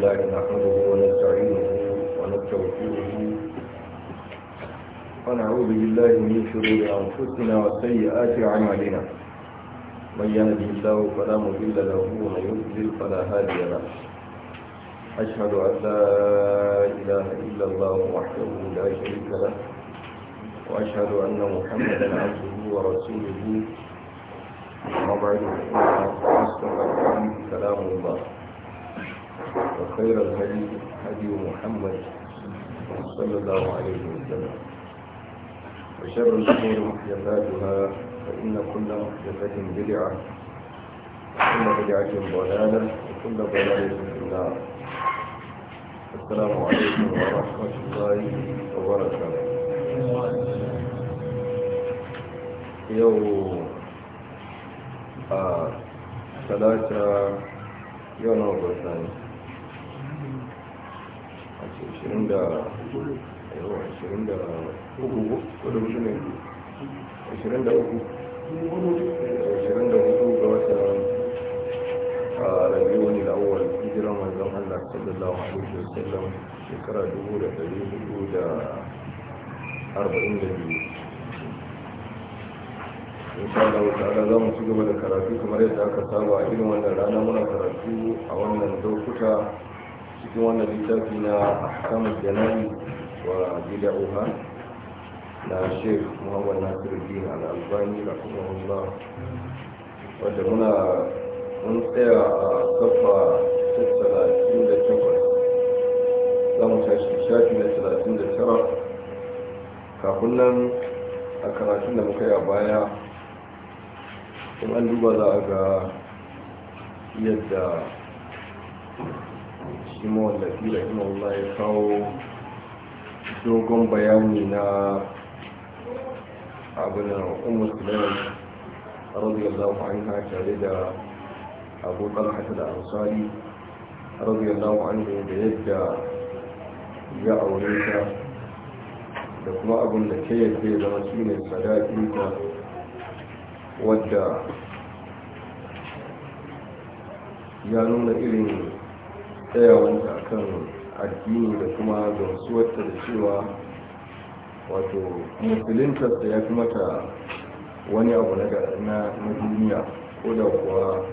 لله نحمده ونستعينه ونستغفره ونعوذ بالله من شرور أنفسنا وسيئات أعمالنا من يهده الله فلا مضل له ومن يضلل فلا هادي له أشهد أن لا إله إلا الله وحده لا شريك له وأشهد أن محمدا عبده ورسوله وبعد أصدق الحديث كلام الله خير الهدي هدي محمد صلى الله عليه وسلم وشر الأمور محدثاتها فإن كل محدثة بدعة وكل بدعة ضلالة وكل ضلالة في النار السلام عليكم ورحمة الله وبركاته يوم آه ثلاثة يوم الثاني ashirin da uku ko da mutu ne ashirin da uku ashirin da hudu ga wata a rabiwa ne da awal hijiran manzon Allah sallallahu alaihi wasallam shekara dubu da dari hudu da arba'in da biyu insha Allah ta'ala za mu ci gaba da karatu kamar yadda aka saba irin wannan rana muna karatu a wannan lokuta cikin wannan littafi na kamar janayi wa bid'uha na Sheikh Muhammad al'albani Al-Albani rahimahullah Wadda muna mun tsaya a kafa talatin da takwas za mu tashi shafi na talatin da tara kafin nan a karatun da muka yi a baya in an duba za a ga yadda shi mawallafi rahimahullah ya kawo dogon bayani na abin da umar sulaiman radiyallahu anha tare da abokan talhata da ansari radiyallahu anhu da yadda ya aure ta da kuma abin da ke yadda ya zama shi ne sadakinta wadda ya nuna irin tsayawanta a kan addini da kuma gamsuwarta da cewa wato musulintarsa ya fi mata wani abu na duniya ko da kuwa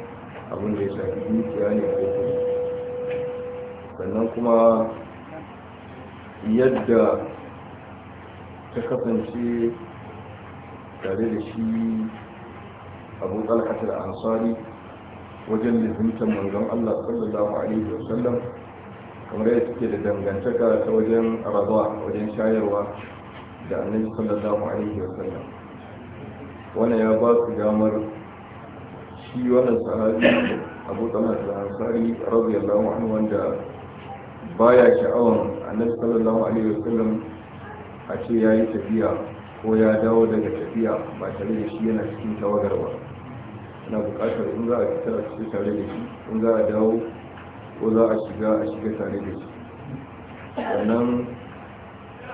abin da ya shafi dukiya ne ko kuma sannan kuma yadda ta kasance tare da shi abu talhatar ansari wajen lizimtar manzon Allah sallallahu alaihi wasallam kamar yadda suke da dangantaka ta wajen razawa wajen shayarwa da annabi sallallahu alaihi wasallam wannan ya ba su damar shi wannan sahabi Abu Talha al-Ansari radiyallahu anhu wanda baya sha'awan annabi sallallahu alaihi wasallam a ce ya yi tafiya ko ya dawo daga tafiya ba tare da shi yana cikin tawagarwa. na bukatar in za a fitar a shiga tare da shi in za a dawo ko za a shiga a shiga tare da shi sannan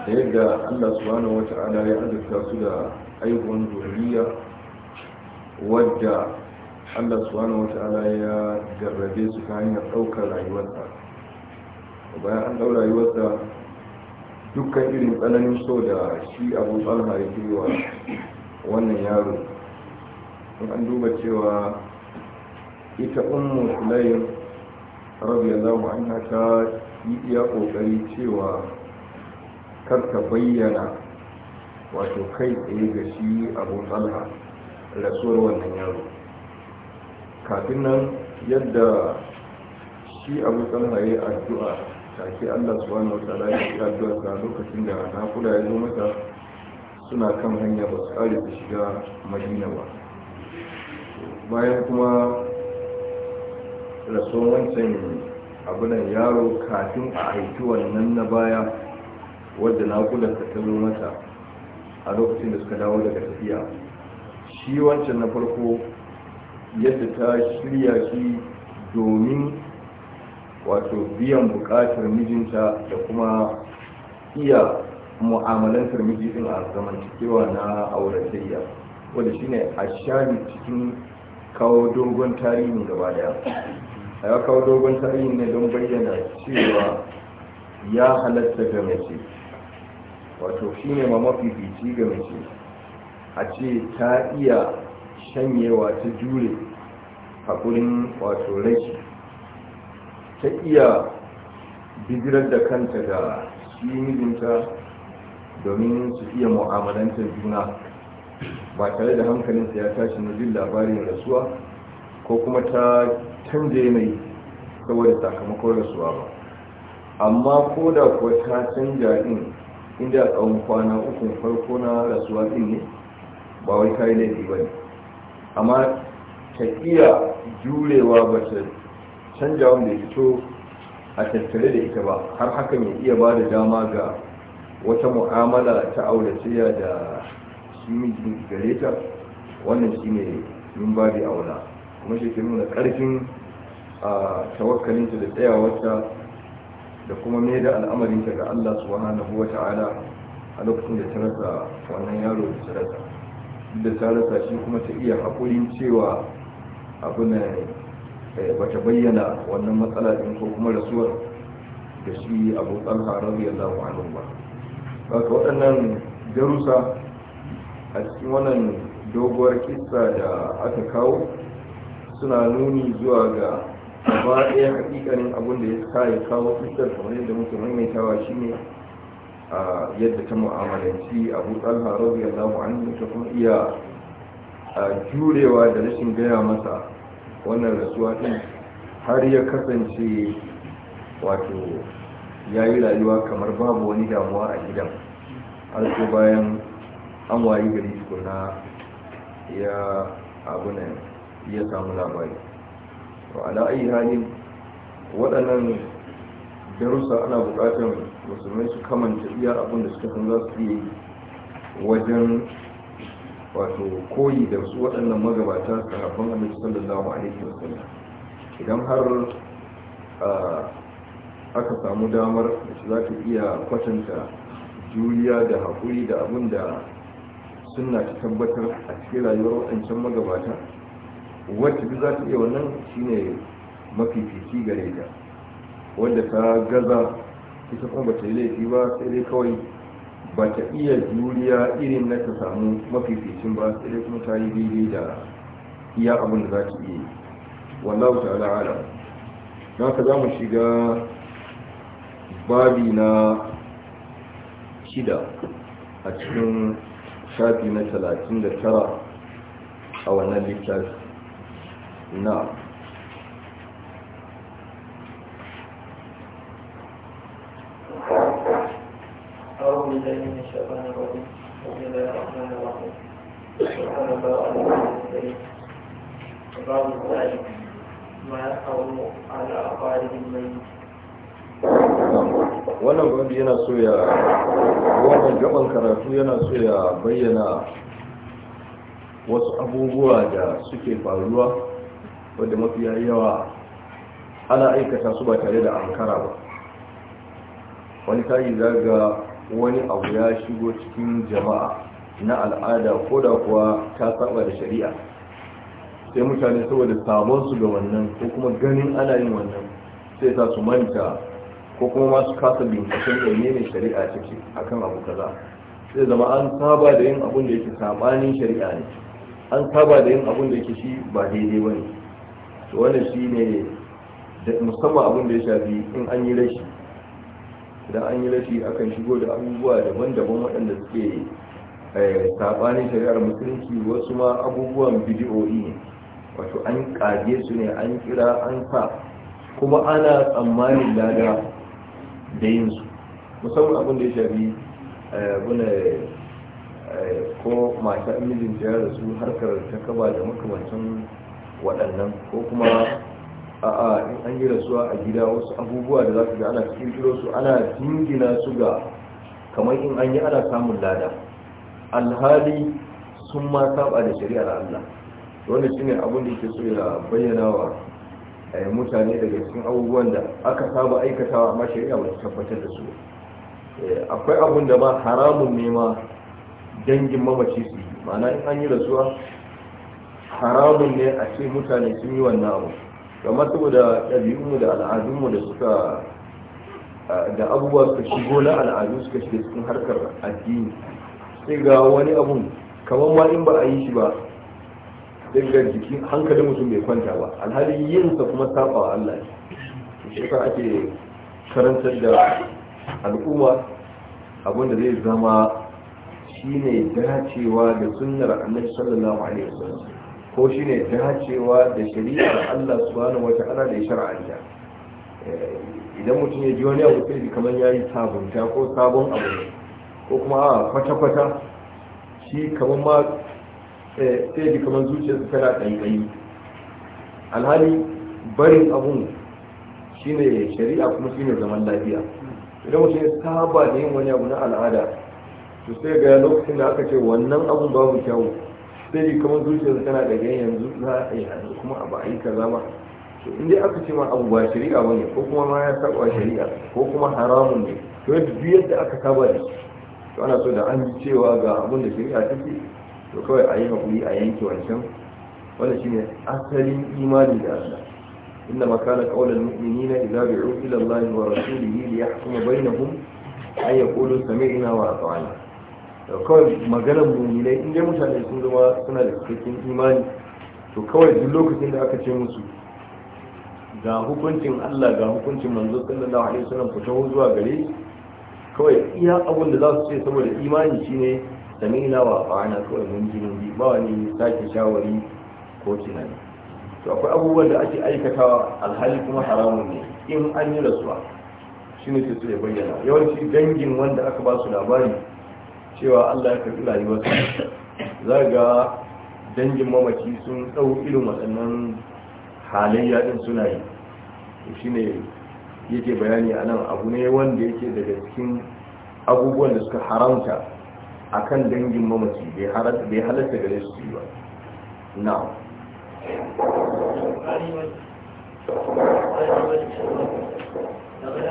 da yadda allah subhanahu wata'ala ya azurta su da aihuwan zuriya wadda allah subhanahu wata'ala ya garrabe su ta hanyar ɗaukar rayuwarsa bayan an ɗau rayuwarsa dukkan irin tsananin so da shi abu tsalha ya wannan yaro an duba cewa ita ummu sulaim radiyallahu anha ta yi iya kokari cewa kar bayyana wato kai tsaye ga shi abu talha rasuwar wannan yaro kafin nan yadda shi abu talha ya yi addu'a take allah subhanahu wa ta'ala ya yi addu'a lokacin da nakuda ya zo mata suna kan hanya ba su kare su shiga madina ba bayan kuma rasuwan wancan abunan yaro kafin a aiki wannan na baya wadda kula ta zo mata a lokacin da suka dawo daga tafiya shi wancan na farko yadda ta shirya shi domin wato biyan bukatar mijinta da kuma iya mu'amalantar miji din a zamantakewa na auratayya wanda shine a shani cikin kawo dogon tarihin gaba daya a ya kawo dogon tarihin ne don bayyana cewa ya halatta ga mace wato shi ne ma mafifici ga mace a ce ta iya shanyewa ta jure a haƙurin wato rashi ta iya bigirar da kanta ga shi mijinta domin su iya mu'amalantar juna ba tare da hankalinsa ya tashi na jin labarin rasuwa ko kuma ta canje mai saboda sakamakon rasuwa ba amma ko da kuwa ta canja in inda a tsawon kwana ukun farko na rasuwa din ne ba wai kayi laifi ba ne amma ta iya jurewa ba ta canja wanda ya fito a tattare da ita ba har haka mai iya ba da dama ga wata mu'amala ta aure da sun mijin gareta, wannan shi ne min ba da auna kuma shi ke nuna ƙarfin a tawakkalinta da tsayawarta da kuma mai da al'amarinta ga Allah su na wa ta'ala a lokacin da ta rasa wannan yaro da ta rasa da ta shi kuma ta iya haƙurin cewa abu ne eh, bata bayyana wannan matsala ɗin ko kuma rasuwar da shi abu ɗan harar yadda hannun ba ba ka waɗannan jarusa. a cikin wannan doguwar kisa da aka kawo suna nuni zuwa ga ba ɗaya hakikanin abin da ya kayi kawo kisar kamar yadda muke maimaitawa shine a yadda ta mu'amalanci abu talha radiyallahu anhu ta kuma iya jurewa da rashin gaya masa wannan rasuwa ɗin har ya kasance wato ya yi rayuwa kamar babu wani damuwa a gidan har bayan an wayi gari tukuna ya ne ya samu labari wa ala'ayi hali waɗannan darussa ana buƙatar musulmai su kamanta iya abin da suka san za su yi wajen wato koyi da su waɗannan magabata sahabban annabi sallallahu alaihi wasallam idan har aka samu damar da za ta iya kwatanta juriya da haƙuri da abin da suna ta tabbatar a cikin rayuwar waɗancan magabata wacce duk za ta iya wannan shine mafifici gare ta wadda ta gaza ita kuma ba ta yi laifi ba sai dai kawai ba ta iya juriya irin na ta samu mafificin ba sai dai kuma ta yi daidai da iya abin da za ta iya wallahu ta'ala alam na ka za mu shiga babi na shida a cikin shafi na 39 a wannan littafi na yana so ya wannan gaban karatu yana so ya bayyana wasu abubuwa da suke faruwa wadda mafi yawa ana aikata su ba tare da ankara ba wani tayi ga wani abu ya shigo cikin jama'a na al'ada ko da kuwa ta saba da shari'a sai mutane saboda su ga wannan ko kuma ganin ana yin wannan sai ta su manta ko kuma masu kasa binciken da ne mai shari'a ciki akan abu kaza sai zama an saba da yin abun da yake samanin shari'a ne an saba da yin abun da yake shi ba daidai ba ne to wanda shi ne musamman abun da ya shafi in an yi rashi idan an yi rashi akan shigo da abubuwa daban-daban waɗanda suke eh, saɓanin shari'ar musulunci wasu ma abubuwan bidiyoyi ne wato an ƙage su ne an kira an sa kuma ana tsammanin lada da yin su musamman abin da ya shafi eh, abuna eh, ko mata amijin jiyar da su harkar ta kaba da makamancin waɗannan ko kuma a'a in an yi rasuwa a gida wasu abubuwa da za su ga ana kirkiro su ana jingina su ga kamar in an yi ana samun lada alhali sun ma saba da shari'ar Allah wanda ne abin da ke so ya bayyana wa Eh, mutane daga cikin abubuwan da aka saba aikatawa amma mashari'a ba tabbatar da su eh, akwai abun da ba haramun ne ma dangin mamaci su yi ma'ana in an yi rasuwa haramun ne a ce mutane sun yi wannan abu kamar saboda ɗabi'unmu da al'adunmu da suka da abubuwa suka shigo na al'adu suka shiga cikin harkar addini sai ga wani abun kamar ma in ba a yi shi ba dangar jikin hankalin mutum bai kwanta ba alhalin yinsa kuma saba wa Allah shi ka ake karantar da al'umma abinda zai zama shine dacewa da sunnar annabi sallallahu alaihi wasallam ko shine dacewa da shari'ar Allah subhanahu wata'ala da shar'anta eh, idan mutum ya ji wani abu sai kamar yayi sabunta ko sabon abu ko kuma a kwata-kwata shi kamar ma sai ji kamar su tana ƙaiƙayi alhali barin abun shine shari'a kuma shine zaman lafiya idan mutum ya saba da yin wani abu na al'ada to sai ga lokacin da aka ce wannan abun babu kyau sai ji kamar zuciyarsa tana ƙaiƙayi yanzu za a yi hannu kuma a yi kaza ba to in dai aka ce ma abu ba shari'a ba ne ko kuma ma ya saba shari'a ko kuma haramun ne to yadda yadda aka saba da shi to ana so da an ji cewa ga abun da shari'a take to kawai a yi haƙuri a yanke wancan wanda shine asalin imani da Allah inna ma kana na mu'minina idza du'u ila Allah wa rasulihi li yahkuma bainahum ay yaqulu sami'na wa ata'na to kawai maganar mu'minai inda mutane sun zama suna da cikakken imani to kawai duk lokacin da aka ce musu ga hukuncin Allah ga hukuncin manzo sallallahu alaihi wasallam ku taho zuwa gare kawai iya abun da za su ce saboda imani shine samina wa fa'ana kawai mun ji mun ba wani sake shawari ko tunani to akwai abubuwan da ake aikatawa alhali kuma haramun ne in an yi rasuwa shi ne sai su ya bayyana yawanci dangin wanda aka ba su labari cewa allah ya karɓi rayuwarsa za ga dangin mamaci sun ɗau irin waɗannan halayya din suna yi shi ne yake bayani anan abu ne wanda yake daga cikin abubuwan da suka haramta a kan dangin mamaci bai halatta gare su ba na ya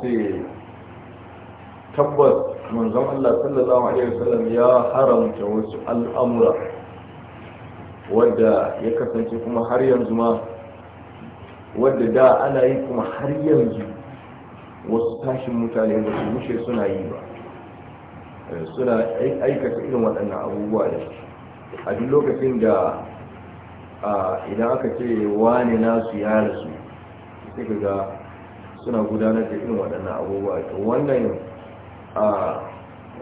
ce tabbas manzon Allah sallallahu alaihi wasallam ya haramta wasu al'amura wadda ya kasance kuma har yanzu ma wadda da ana yi kuma har yanzu wasu tashin mutane ba su mushe suna yi ba eh, suna aikata irin waɗannan abubuwa da a duk lokacin da idan aka ce wani nasu ya rasu sai ga suna gudanar da irin waɗannan abubuwa wannan a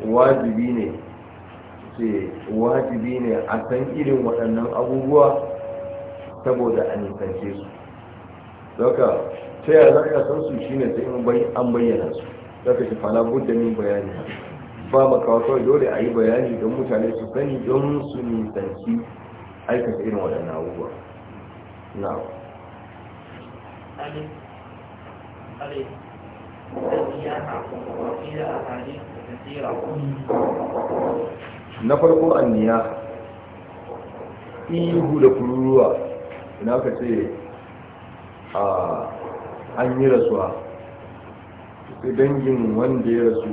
wajibi ne ce wajibi ne a san irin waɗannan abubuwa saboda a nisance su zaka ta yaya za san su shi ne sai an bayyana su zaka ka shi fana budda min bayani ba makawa kawai dole a yi bayani don mutane su sani don su nisanci aikata irin waɗannan abubuwa na'am na farko anniya ihu da kururuwa ina ka ce a an yi rasuwa su dangin wanda ya rasu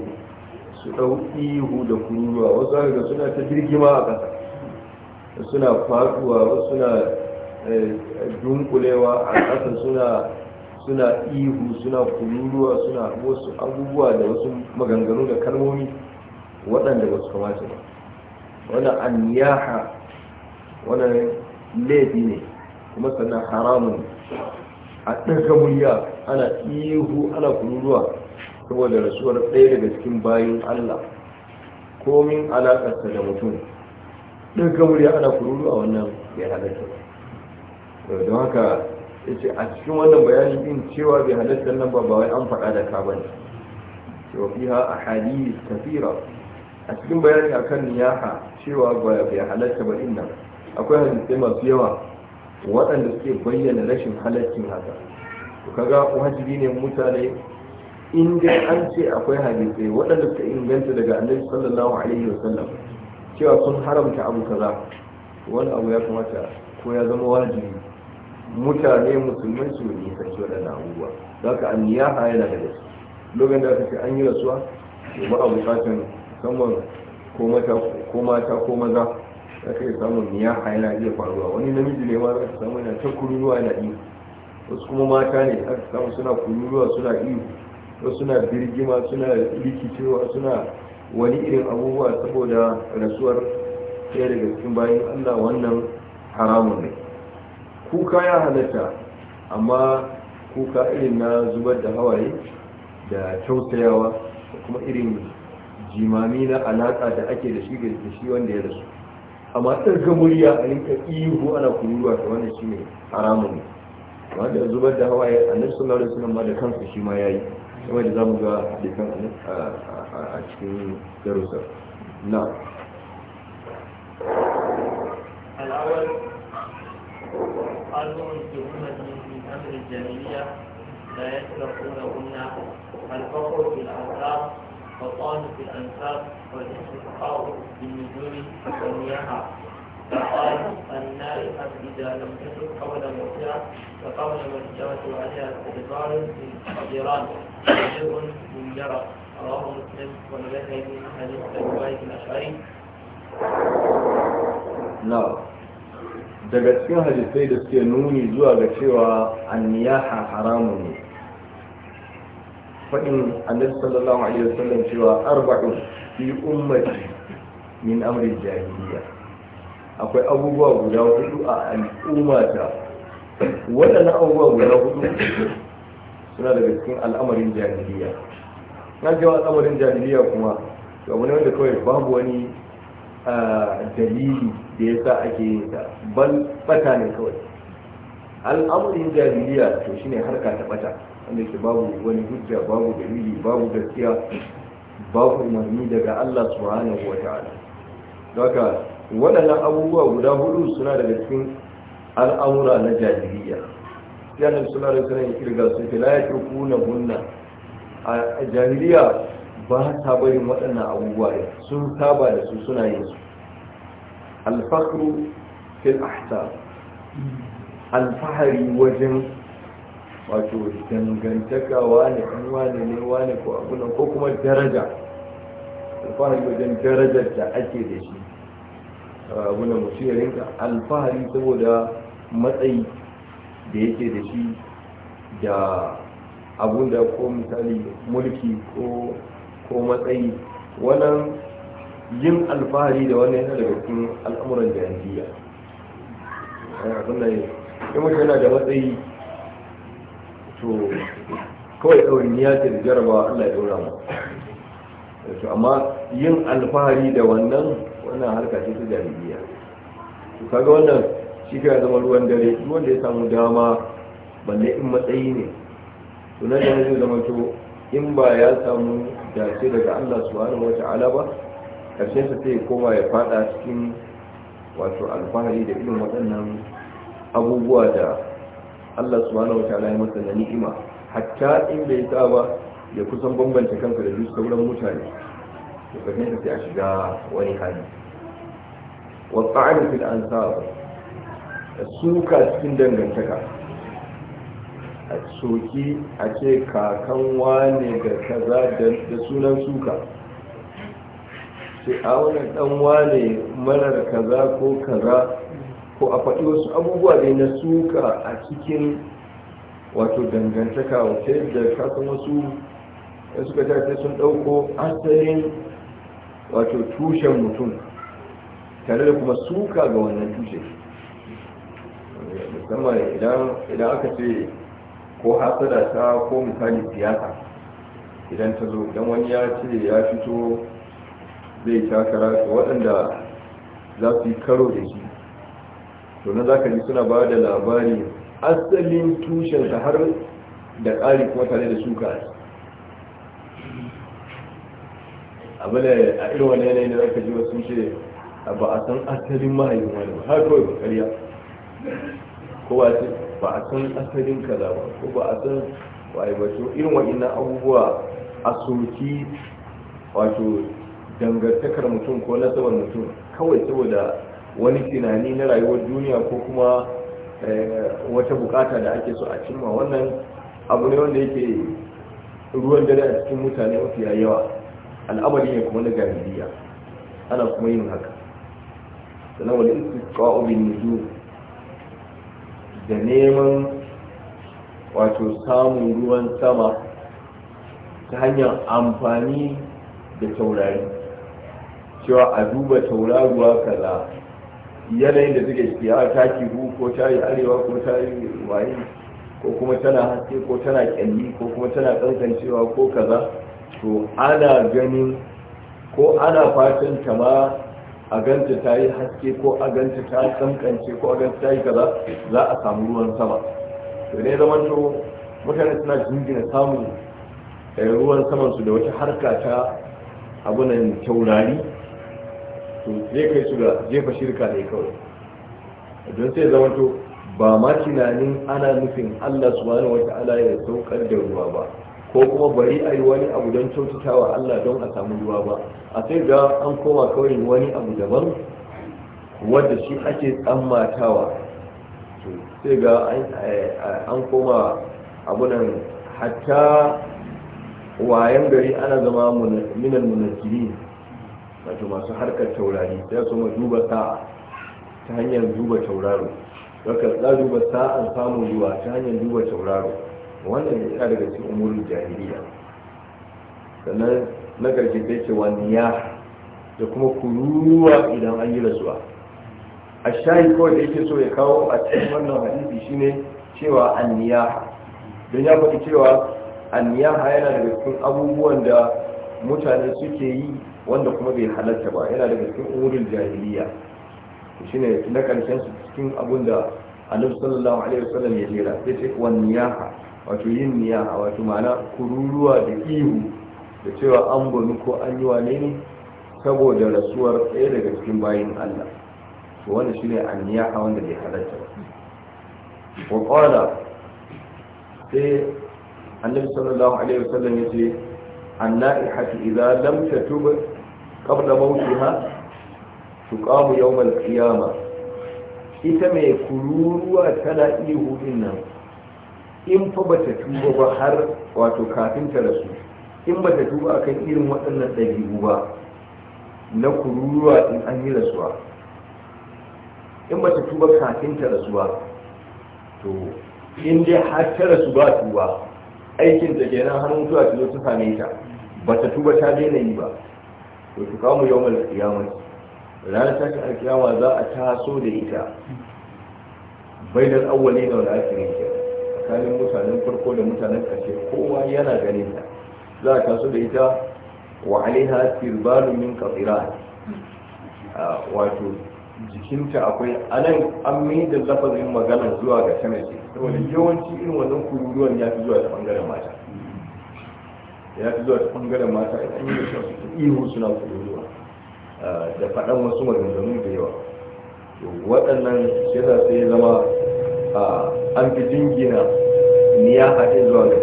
su ɗau ihu da kururuwa wasu haka suna ta jirgima a ƙasa suna faɗuwa wasu suna eh, dunkulewa a ƙasa suna suna ihu suna kururuwa suna wasu abubuwa da wasu maganganu da kalmomi waɗanda ba su kamata ba wadda an yaha wadda laifi ne kuma sannan haramun a ɗaga murya ana ihu ana kururuwa saboda rasuwar ɗaya daga cikin bayan allah komin alaƙarsa da mutum ɗaga murya ana kururuwa wannan ya halatta don haka ya a cikin wannan bayanin din cewa bai halatta nan ba ba wai an faɗa da ka ba fiha a hadis a cikin bayani akan niyaha cewa bai halatta ba din nan akwai hadisai masu yawa waɗanda suke bayyana rashin halaccin haka to kaga wajibi ne mutane in dai an ce akwai hadisai waɗanda suka inganta daga annabi sallallahu alaihi wasallam cewa sun haramta abu kaza wani abu ya kamata ko ya zama wajibi mutane musulmai su ne sarki waɗannan abubuwa za ka an niyaha yana da gaske lokacin da aka ce an yi rasuwa ya ba a bukatan musamman ko mata ko maza za ka yi samun haya yana iya faruwa wani namiji ne ma za ka samu yana ta kururuwa yana iya wasu kuma mata ne aka samu suna kururuwa suna iya wasu suna birgima suna rikicewa suna wani irin abubuwa saboda rasuwar ɗaya daga cikin bayan allah wannan haramun ne kuka ya halatta amma kuka irin na zubar da hawaye da tausayawa da kuma irin jimami na alaƙa da ake da shi da shi wanda ya rasu amma tsarka murya a linka ihu ana kururuwa ta wanda shi ne haramun wanda zubar da hawaye a nan suna da suna ma da kansa shi ma ya yi kamar da zamu ga hadisan a cikin darussa na قالوا هم في امر الجاهليه لا يسبقونهن الفقر في الانساب والطعن في الانساب والاستسقاء بالنزول والمياه فقال قد إذا لم تسب قبل موتها فقبل مرتبة عليها استدبار من قديران وجر من جرى رواه مسلم ولذلك من حديث أبي الأشعري. نعم. daga cikin hadisai da suke nuni zuwa ga cewa anniyaha haramu ne faɗin annabi sallallahu alaihi wasallam cewa arba'un fi ummati min amri jahiliya akwai abubuwa guda hudu a al'ummata waɗannan abubuwa guda hudu suna daga cikin al'amarin jahiliya na cewa al'amarin jahiliya kuma ga wani wanda kawai babu wani ah, dalili da ya sa ake yin ta ban bata ne kawai al'amarin jahiliya to shine harka ta bata wanda ke babu wani hujja babu dalili babu gaskiya babu umarni daga Allah subhanahu wa ta'ala daga waɗannan abubuwa guda hudu suna daga cikin al'amura na jahiliya yanar suna da sanin kirga su fi layar kuna gunna a jahiliya ba ta bayin waɗannan abubuwa sun saba da su suna yin su alfahru fil ahsab alfahari wajen wato dangantaka wani an wani ne wani ko abunan ko kuma daraja alfahari wajen darajar da ake da shi abunan mutu ya rinka alfahari saboda matsayi da yake da shi da abunda da ko misali mulki ko matsayi wannan yin alfahari da wani yana daga cikin al'amuran jahiliya kuma eh, mutum yana da matsayi to kawai ɗaurin ya ce da jarabawa allah ya ɗora mu eh, to amma yin alfahari da wannan wannan harka ce ta jahiliya to kaga wannan shi ka zama ruwan dare ruwan wanda ya samu dama balle in matsayi ne to nan da zai zama to in ba ya samu dace daga allah subhanahu ta'ala ba karshen sa sai koma ya fada cikin wato alfahari da irin waɗannan abubuwa da Allah subhanahu wa ta'ala ya masa na ni'ima hatta in bai sa ba ya kusan bambanta kanka da duk sauran mutane to ƙarshen sai a shiga wani hali wa ta'ala fil ansab suka cikin dangantaka a soki a ce kakan wane ga kaza da sunan suka sai a wani dan wane marar kaza ko kaza ko a faɗi wasu abubuwa dai na suka a cikin wato dangantaka wata yadda kasan wasu ya suka tafi sun ɗauko asalin wato tushen mutum tare da kuma suka ga wannan tushe musamman idan aka ce ko hasada ta ko misali siyasa idan ta zo idan wani ya ce ya fito zai takara shi waɗanda za su yi karo da shi domin za ka ji suna ba da labari asalin tushen da har da ƙari kuma tare da shuka bane a irin wani yanayi da za ka ji wasu ce ba a san asalin mahaifin wani ba har kawai karya. ko ba ce ba a san asalin kaza ba ko ba a san waye ba wa'in irin abubuwa a soki wato dangantakar mutum ko nasabar mutum kawai saboda wani tunani na rayuwar duniya ko kuma eh, wata bukata da ake so a cimma wannan abu ne wanda yake ruwan dare a cikin mutane mafiya yawa al'amari ne kuma na garibiya ana kuma yin haka sannan wani isi bin nizu da neman wato samun ruwan sama ta hanyar amfani da taurari cewa a duba tauraruwa kaza yanayin da suke ciya ta kihu ko ta yi arewa ko ta yi waye ko kuma tana haske ko tana kyalli ko kuma tana kankancewa ko kaza to ana ganin ko ana fatan ta ma a ganta ta yi haske ko a ganta ta kankance ko a ganta ta yi kaza za a samu ruwan sama to ne zaman to mutane suna jingina samun eh, ruwan su da wata harka ta abunan taurari to zai kai su ga jefa shirka ne kawai don sai zama to ba ma tunanin ana nufin Allah su wata ala ya saukar da ruwa ba ko kuma bari a yi wani abu don wa Allah don a samu ruwa ba a sai ga an koma kawai wani abu daban wadda shi ake tsammatawa sai ga eh, an koma abu nan hatta wayan gari ana zama minan munakiri wato masu harkar taurari sai su ma duba sa'a ta hanyar duba tauraro daga za duba sa'an samun ruwa ta hanyar duba tauraro wannan ya daga cikin umurin jahiliya sannan na ƙarshe sai ce wani da kuma kuruwa idan an yi rasuwa a shayi kawai da yake so ya kawo a cikin wannan hadisi shine cewa anniya don ya faɗi cewa anniyaha yana daga cikin abubuwan da mutane suke yi wanda kuma bai halatta ba yana daga cikin umurul jahiliya shi ne na karshen su cikin abun da annabi sallallahu alaihi wasallam ya jera sai ce wan niyaha wato yin niyaha wato ma'ana kururuwa da ihu da cewa an gwani ko an yi wane ne saboda rasuwar ɗaya daga cikin bayin Allah to wanda shine an niyaha wanda bai halatta ba wa qala sai annabi sallallahu alaihi wasallam ya ce anna'ihatu idan lamta tatub qabla mawtiha tuqamu yawm al-qiyama ita mai kururuwa tana ihu din nan in fa ba ta tuba ba har wato kafin ta rasu in ba ta tuba akan irin waɗannan ɗabi'u ba na kururuwa in an yi rasuwa in ba ta tuba kafin ta rasuwa to in dai har ta rasu ba tuba aikin ta kenan har mutuwa ta zo ta same ta bata tuba ta daina yi ba to su kawo mai kiyama ranar tashi kiyama za a taso da ita Bai da awwali da wani akirin A kanin mutanen farko da mutanen kashe kowa yana ganin ta za a taso da ita wa alaiha sirbalu min kafira wato jikinta akwai anan an mai da lafazin magana zuwa ga sanace Wani yawanci irin wannan kururuwan ya fi zuwa ta bangaren mata ya fi zuwa ta bangaren mata a ɗan yi su ihu suna kururuwa da faɗan wasu maganganu da yawa waɗannan yasa sai ya zama an fi jingina ya haɗe zuwa ga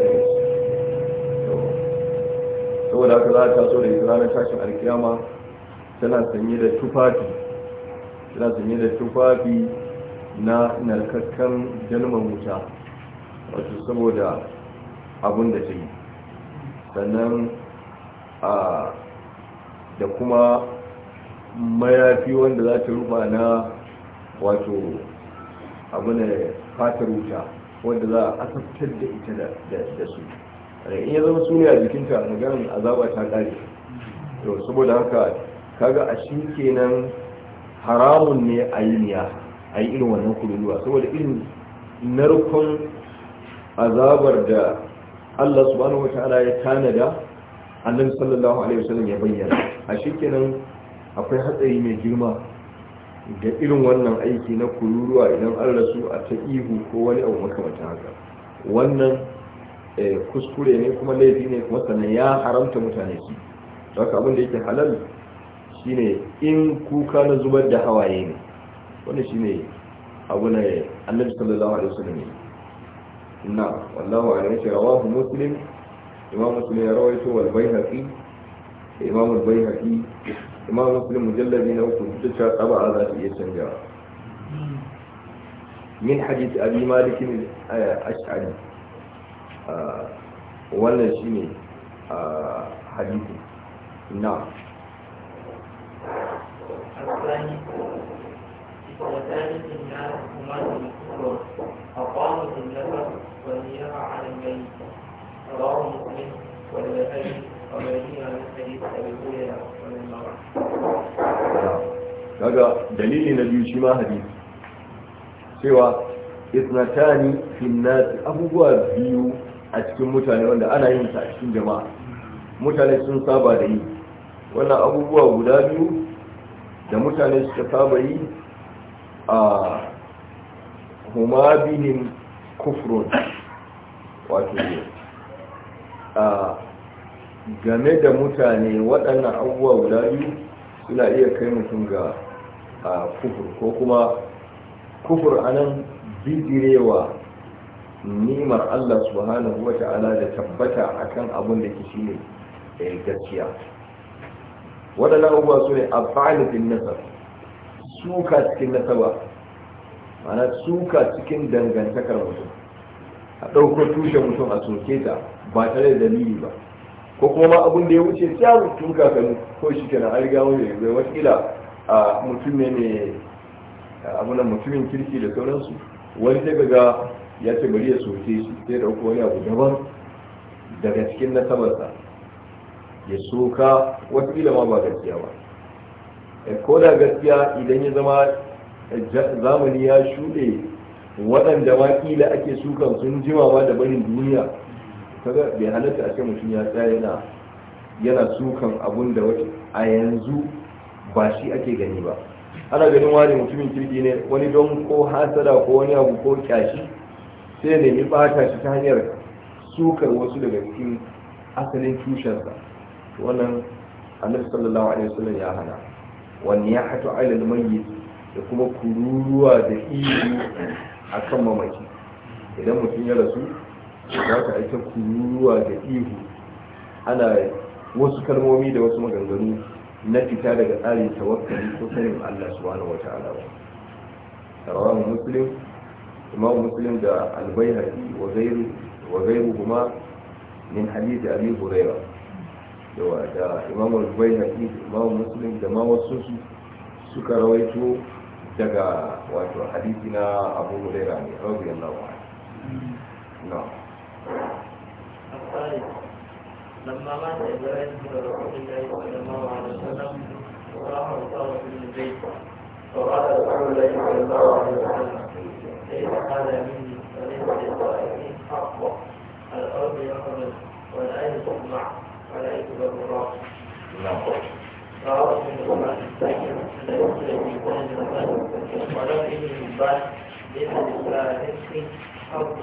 saboda haka za a taso da ita ranar tashin alkiyama tana sanye da tufafi tana sanye da tufafi na narkakkan jalman wuta wato saboda abin da ta yi sannan a da kuma mayafi wanda za ta rufa na wato abu ne fatar wuta wanda za a asabtar da ita da su in ya zama suna a jikinta a ganin azaba ta kare saboda haka kaga a shi kenan haramun ne a yi niya a yi irin wannan kururuwa saboda irin narkon azabar da Allah subhanahu wataala ya tanada annabi sallallahu alaihi wasallam ya bayyana a shikenan akwai hatsari mai girma da irin wannan aiki na kururuwa idan an rasu a ta ihu ko wani abu makamata haka wannan eh, kuskure ne kuma laifi ne kuma sannan ya haramta mutane su saka abin da yake halal shine in kuka na zubar da hawaye ne wannan shine abu ne annabi sallallahu alaihi wasallam na wallahu ala yace rawahu muslim imam muslim ya rawaito wal baihaqi imam al baihaqi imam muslim mujalladi na uku duka tsaba za su iya canjawa min hadith abi malik al-ash'ari eh, ah, wannan shine ah, hadisi na kaga dalili na biyu shi ma hadisi cewa isnatani finnas abubuwa biyu a cikin mutane wanda ana yin sa a cikin jama'a mutane sun saba da yi wannan abubuwa guda biyu da mutane suka saba yi a humabinin kufrun wato a game da mutane waɗannan abubuwa guda biyu suna iya kai mutum ga kufur ko kuma kufur anan bidirewa nimar Allah subhanahu wa ta'ala da tabbata akan abin da ke shi ne eh, gaskiya waɗannan abubuwa su ne a fa'alifin nasar suka cikin nasaba mana suka cikin dangantakar mutum a ɗauko tushen mutum a soke ta ba tare da dalili ba ko kuma ma abin da ya wuce ta tun kakanni ko shi kenan an riga wani yanzu watakila a mutum ne ne abunan mutumin kirki da sauransu wani ta ga ya ce bari ya soke shi sai ɗauko wani abu daban daga cikin nasabarsa ya soka watakila ma ba gaskiya ba eh, ko da gaskiya idan ya zama eh, zamani ya shuɗe waɗanda ma ake sukan sun jima ma da barin duniya kaga bai halatta a ce mutum ya tsaya yana yana sukan abun da wata a yanzu ba shi ake gani ba ana ganin wani mutumin kirki ne wani don ko hasada ko wani abu ko kyashi sai ne nemi bata shi ta hanyar sukar wasu daga cikin asalin tushensa wannan annabi sallallahu alaihi wasallam ya hana wani ya hatu alal mayyit da kuma kururuwa da ihu a kan mamaki idan mutum ya rasu za ka aika kuruwa da ihu ana wasu kalmomi da wasu maganganu na fita daga tsarin tawakkali ko sanin Allah subhanahu wata'ala ba rawahu muslim imam muslim da al-baihaqi wa ghayru wa ghayruhuma min hadith abi hurayra da imam al da imam muslim da ma wasu suka rawaito daga wato hadisi na abu hulera ne rabi Allah لما مات إبراهيم بن رسول الله صلى الله عليه وسلم وراح وصار في البيت فقال رسول الله صلى الله عليه وسلم ليس هذا مني وليس لصائمين حق الأرض يخرج والعين تطمع ولا يكبر الراس. نعم. ولو ابن باس للثالث حظ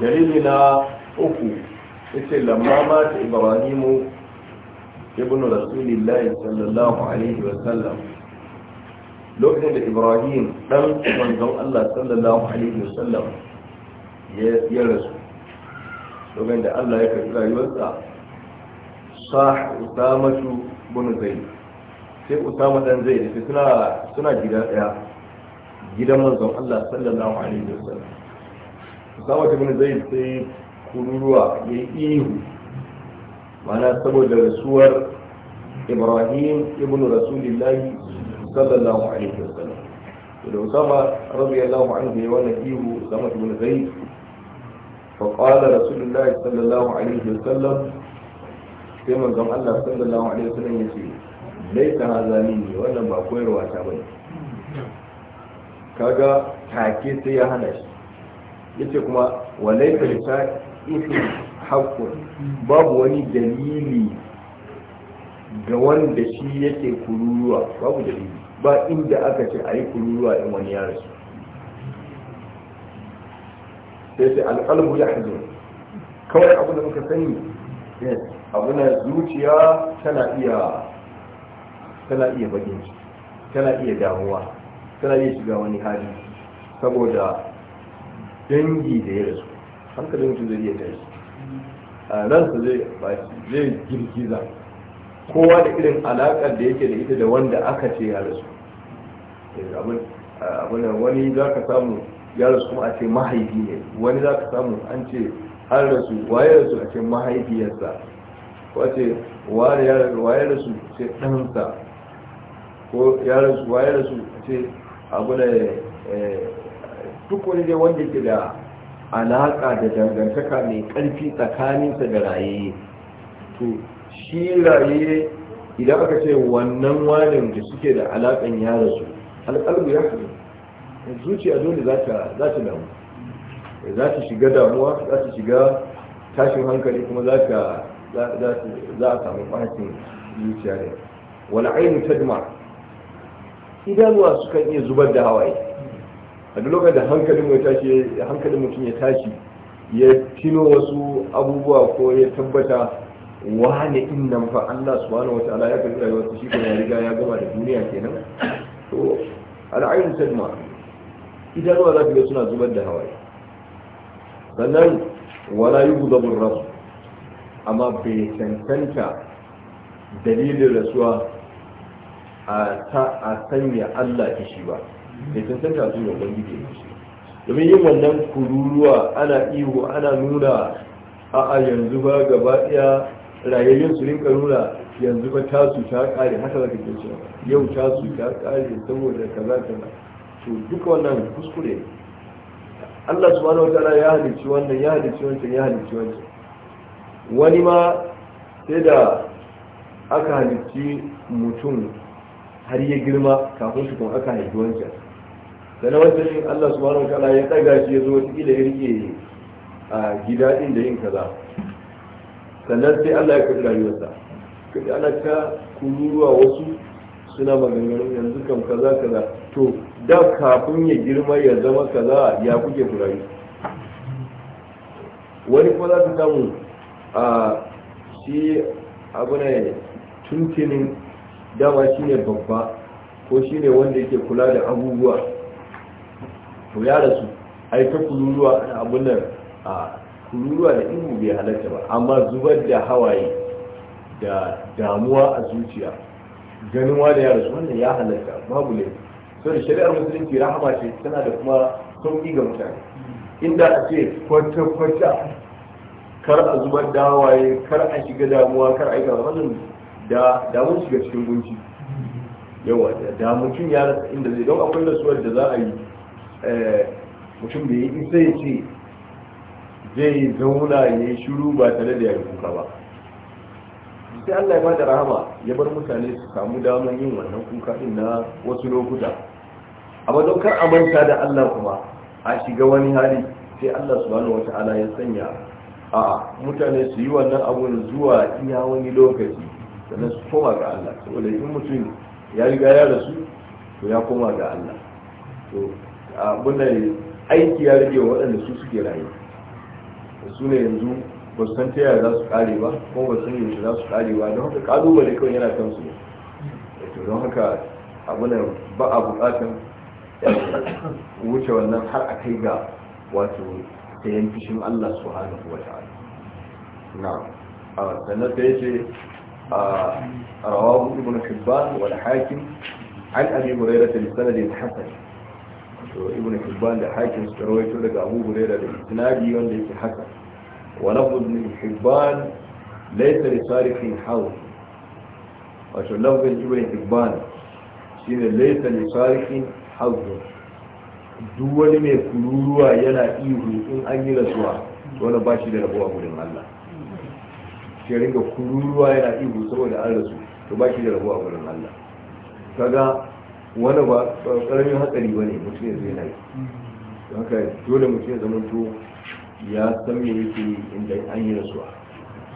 dalili na uku yace lamma mata ibrahimu ibnu rasulillahi sallallahu alaihi wa sallam lokacin da ibrahim dan manzon Allah sallallahu alaihi wa sallam ya rasu lokacin da Allah ya karbi rayuwarsa sah usamatu bin zaid sai usama dan zaid sai suna suna gida daya gidan manzon Allah sallallahu alaihi wasallam usama bin zai sai kururuwa ya yi ihu mana saboda rasuwar ibrahim ibn rasulillahi sallallahu alaihi wasallam da usama radiyallahu anhu ya wannan ihu usama bin zaid فقال رسول الله صلى الله عليه وسلم sai manzon Allah sallallahu alaihi wasallam ya ce laika haza ne wannan ba koyarwa ta bane kaga take sai ya hana shi yace kuma walaika ta ifi hakku babu wani dalili ga wanda shi yake kururuwa babu dalili ba inda aka ce ayi kururuwa in wani ya rasu sai sai alqalbu yahzun kawai abu da muka sani abuna zuciya tana iya tana iya bakin tana iya damuwa tana iya shiga wani hali saboda dangi da ya rasu hankalin mutum zai iya tashi a ransa zai zai girgiza kowa da irin alaƙar da yake da ita da wanda aka ce ya rasu eh, abin wani za ka samu ya rasu kuma a ce mahaifi ne wani za ka samu an ce har rasu waye rasu a ce mahaifiyarsa wace wani ya rasu ce ɗansa ko ya waye ce abu da eh, duk wani dai wanda ke da alaƙa da dangantaka mai ƙarfi tsakaninsa da raye to shi raye idan aka ce wannan wanin da suke da alaƙan ya rasu alƙalbu ya fi zuciya dole za ta damu za ta shiga damuwa za ta shiga tashin hankali kuma za ta za a samu bacin zuciya ne Wani ainu tadma idanuwa su kan iya zubar da hawaye a duk lokacin da hankalin tashi hankalin mutum ya tashi ya tino wasu abubuwa ko ya tabbata wane in nan fa Allah subhanahu wataala ya karbi rayuwar shi kuma ya riga ya gama da duniya kenan to al'ayn tadma idanuwa za ga suna zubar da hawaye sannan wala yughdabu ar-rabb amma bai cancanta dalilin rasuwa a sanya Allah shi ba bai cancanta su yawon wani domin yin wannan kururuwa ana ihu ana nuna a a yanzu ba gaba ɗaya rayayyun su rinka nuna yanzu ba tasu ta kare haka za ka ke cewa yau tasu ta kare saboda za ta to duka wannan kuskure Allah subhanahu wa ta'ala ya halicci wannan ya halicci wancan ya halicci wancan wani ma sai da aka halitti mutum har ya girma kafin shi kuma aka haifi wancan sannan wancan shi Allah su wa ta'ala ya tsaga shi ya zo wata kila ya rike a gida ɗin da yin kaza sannan sai Allah ya kaɗi rayuwarsa kaɗi ana ta kururuwa wasu suna maganganun yanzu kam kaza kaza to da kafin ya girma ya zama kaza ya kuke ku rayu wani kuma za ka samu a shi abu ne tuntunin dama shi ne babba ko shi ne wanda yake kula da abubuwa to ya rasu a yi ta kururuwa a abun nan a kururuwa da ihu bai halatta ba amma zubar da hawaye da damuwa a zuciya ganin da ya rasu wannan ya halatta babu ne so da shari'ar musulunci rahama ce tana da kuma sauƙi ga mutane inda a ce kwata-kwata kar a zubar dawaye kar a shiga damuwa kar a yi wannan da damun shiga cikin gunci yawa da mutum ya rasa inda zai don akwai rasuwar da za a yi eh, mutum da ya yi, sai ce zai zauna ya yi shiru ba tare da ya kuka ba sai Allah ya ba da rahama ya bar mutane su samu damar yin wannan kuka din na wasu lokuta amma don kar a manta da Allah kuma a shiga wani hali sai Allah subhanahu wata'ala ya sanya a mutane su yi wannan abun zuwa iya wani lokaci sannan su koma ga Allah saboda in mutum ya riga ya rasu to ya koma ga Allah to abun da aiki ya rage waɗanda su suke rayu su ne yanzu ba san ta yaya za su kare ba kuma ba san yaushe za su kare ba don haka kalubale kawai yana kan su ne don haka abu ne ba a bukatan eh, wuce wannan har a kai ga wato ta yanki shi Allah subhanahu wa ta'ala na'am sannan ta yace rawahu ibn hibban wani hakim an abi hurairah sanadin hasan to ibn da hakim su rawaito daga abu hurairah da isnadi wanda yake hasan wa lafz ibn hibban laysa li sarifin hawl wato lafz ibn hibban shine laysa da sarifin hawl duk wani mai kururuwa yana ihu in an yi rasuwa wani ba shi da rabuwa gudun Allah shi ringa kururuwa yana ihu saboda an rasu to ba shi da rabuwa gudun Allah kaga wani ba karamin hatsari ba ne mutum ya zai yi haka dole mutum ya to ya san me yake inda an yi rasuwa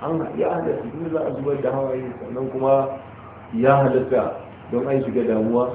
an ya halatta duk za a zubar da hawaye sannan kuma ya halatta don an shiga damuwa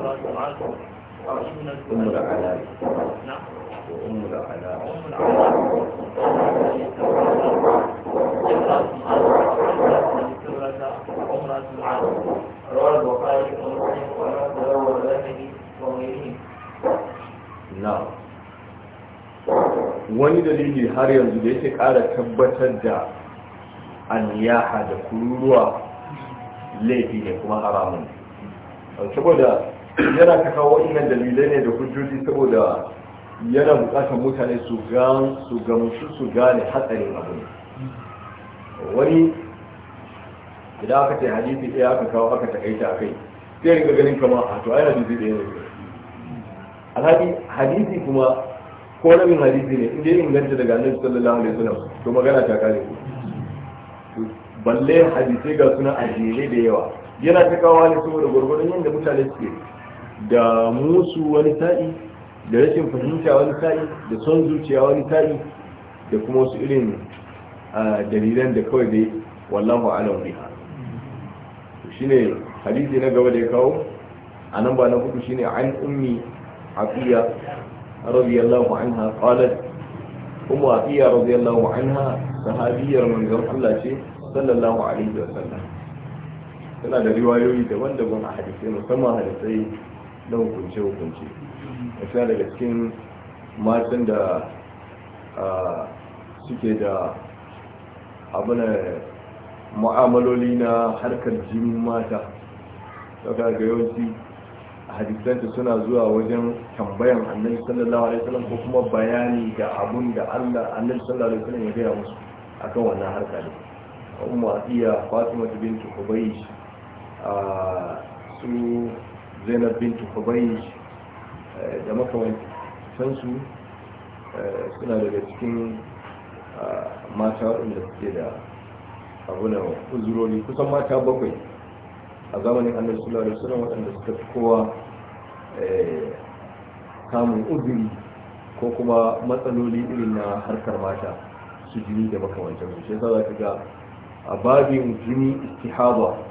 أم العلاء وأم العلاء wani dalili har yanzu da yake kara tabbatar da aniyaha da kururuwa laifi ne kuma haramun saboda yana ta kawo wa'innan dalilai ne da hujjoji saboda yana bukatar mutane su gamsu su gane hatsarin abu ne wani idan aka ce hadisi ɗaya aka kawo aka takaita a kai sai rika ganin kama a ah, to ai da ɗaya ne alhali hadisi kuma ko rabin hadisi ne inda yin ganta daga annabi sallallahu alaihi wasallam to magana ta kare ku balle hadisai ga suna ajere da yawa yana ta kawo hali saboda gwargwadon yadda mutane suke da musu wani sa'i da rashin fahimta wani sa'i da son zuciya wani sa'i da kuma wasu irin dalilan da kawai dai wallahu alam biha shine hadisi na gaba da ya kawo a nan ba na hudu shine an ummi afiya radiyallahu anha qalat ummu afiya radiyallahu anha sahabiyar manzon Allah ce sallallahu alaihi wa sallam tana da riwayoyi daban-daban a hadisai musamman hadisai na hukunce-hukunce suna daga cikin matan da suke da abin ma'amaloli na harkar jinin mata daga ga yawanci hadisanta suna zuwa wajen tambayan annabi sallallahu alaihi wasallam ko kuma bayani da abun da Allah annabi sallallahu alaihi wasallam ya gaya musu akan wannan harka ne umma iya fatima bint hubaysh a su zainab bintu kubai eh, da makamantansu eh, suna daga cikin ah, mata waɗanda suke da abunan uzurori kusan mata bakwai a zamanin annabi sallallahu alaihi wasallam waɗanda suka fi kowa eh, samun uzuri ko kuma matsaloli irin na harkar mata su jini da makamantansu shi yasa za ka ga a babin jini istihaba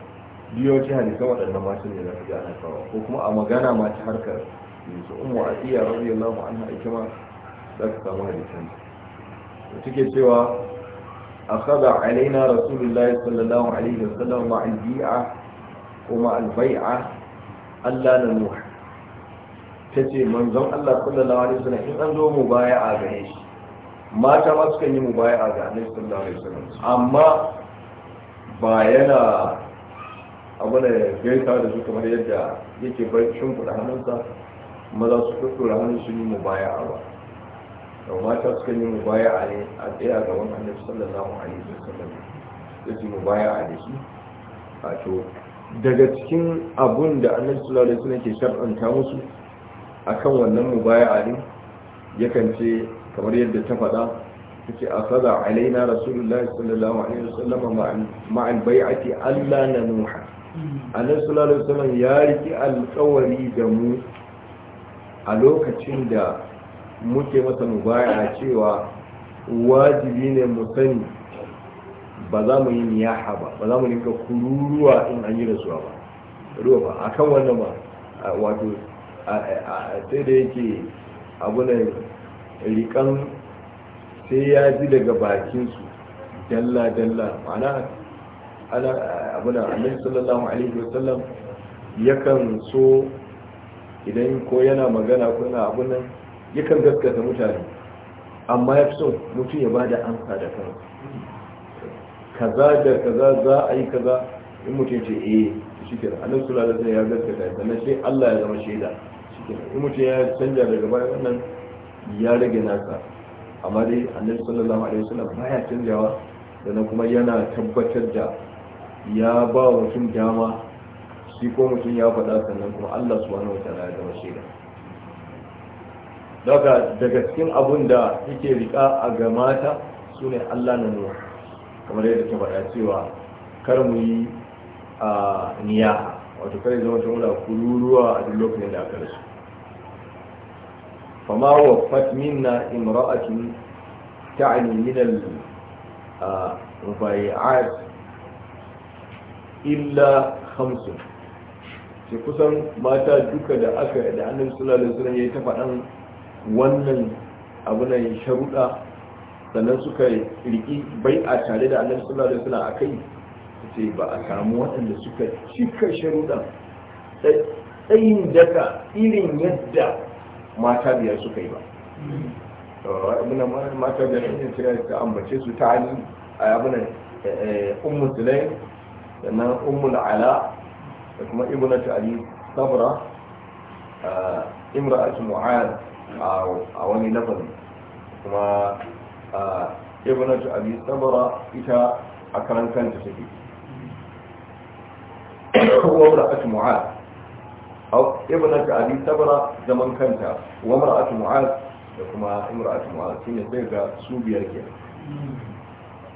yawanci hadisan waɗannan masu ne na fi ana kawo ko kuma a magana ma ta harkar yanzu umu a iya rabi yallahu an haɗa ma za ka samu hadisan da suke cewa a kada alaina rasulullahi sallallahu alaihi wasallam ma albi'a ko ma albai'a allah na nuh ta ce manzon allah sallallahu alaihi wasallam in an zo mu baya a gare shi mata ma kan yi mu baya a ga annabi sallallahu alaihi wasallam amma ba yana a mana gaisa da su kamar yadda yake bar shimfiɗa hannunsa maza su kuskura hannun sun yi mu baya a ba da mata suka yi mu baya a ne a tsaye a gaban annabi sallallahu alaihi wasallam da su mu baya a da shi a to daga cikin abun da annabi sallallahu alaihi wasallam ke shar'anta musu akan wannan mu baya a ne yakan ce kamar yadda ta faɗa take akhadha alaina rasulullahi sallallahu alaihi wasallam ma'an bai'ati alla nuha annabi sallallahu alaihi ya riki alƙawari da mu a lokacin da muke masa mubaya cewa wajibi ne mu sani ba za mu yi niyaha ba ba za mu rinka kururuwa in an yi rasuwa ba ruwa ba akan wannan ba wato sai da yake abu ne rikan sai ya ji daga bakinsu dalla-dalla ma'ana ana abuna annabi sallallahu alaihi wasallam yakan so idan ko yana magana ko yana abun yakan gaskata mutane amma ya fi so mutum ya bada amsa da kansa kaza da kaza za a yi kaza in mutum ce eh shi ke da annabi sallallahu alaihi wasallam ya gaskata sannan sai Allah ya zama shaida shi ke in mutum ya canja daga bayan wannan ya rage nasa amma dai annabi sallallahu alaihi wasallam baya canjawa sannan kuma yana tabbatar da ya ba wa mutum dama shi ko mutum ya faɗa sannan kuma Allah su wani wata ya zama shaida daga daga cikin abun da yake rika a ga mata su ne Allah na nuna kamar yadda ta faɗa cewa kar mu yi a niya wato yi zama ta muna kururuwa a duk lokacin da aka rasu fama wa fatminna imra'atin ta'ani min al illa hamsin ce kusan mata duka da aka da annabi sallallahu alaihi wasallam yayi ta faɗan wannan abunan sharuɗa sannan suka riki bai'a tare da annabi sallallahu alaihi wasallam akai ce ba a samu waɗanda suka cika Sai tsayin daga irin yadda mata biyar suka yi ba da mata biyar ne sai ta ambace su ta hali a da, ummu sulaim sannan ummul ala da kuma ibnatu ali sabra imra'atu mu'az a wani lafazi kuma ibnatu ali sabra ita a karan kanta take wa imra'atu mu'az aw ibnatu ali sabra zaman kanta wa imra'atu mu'az da kuma imra'atu mu'az shine sai ga su biyar kenan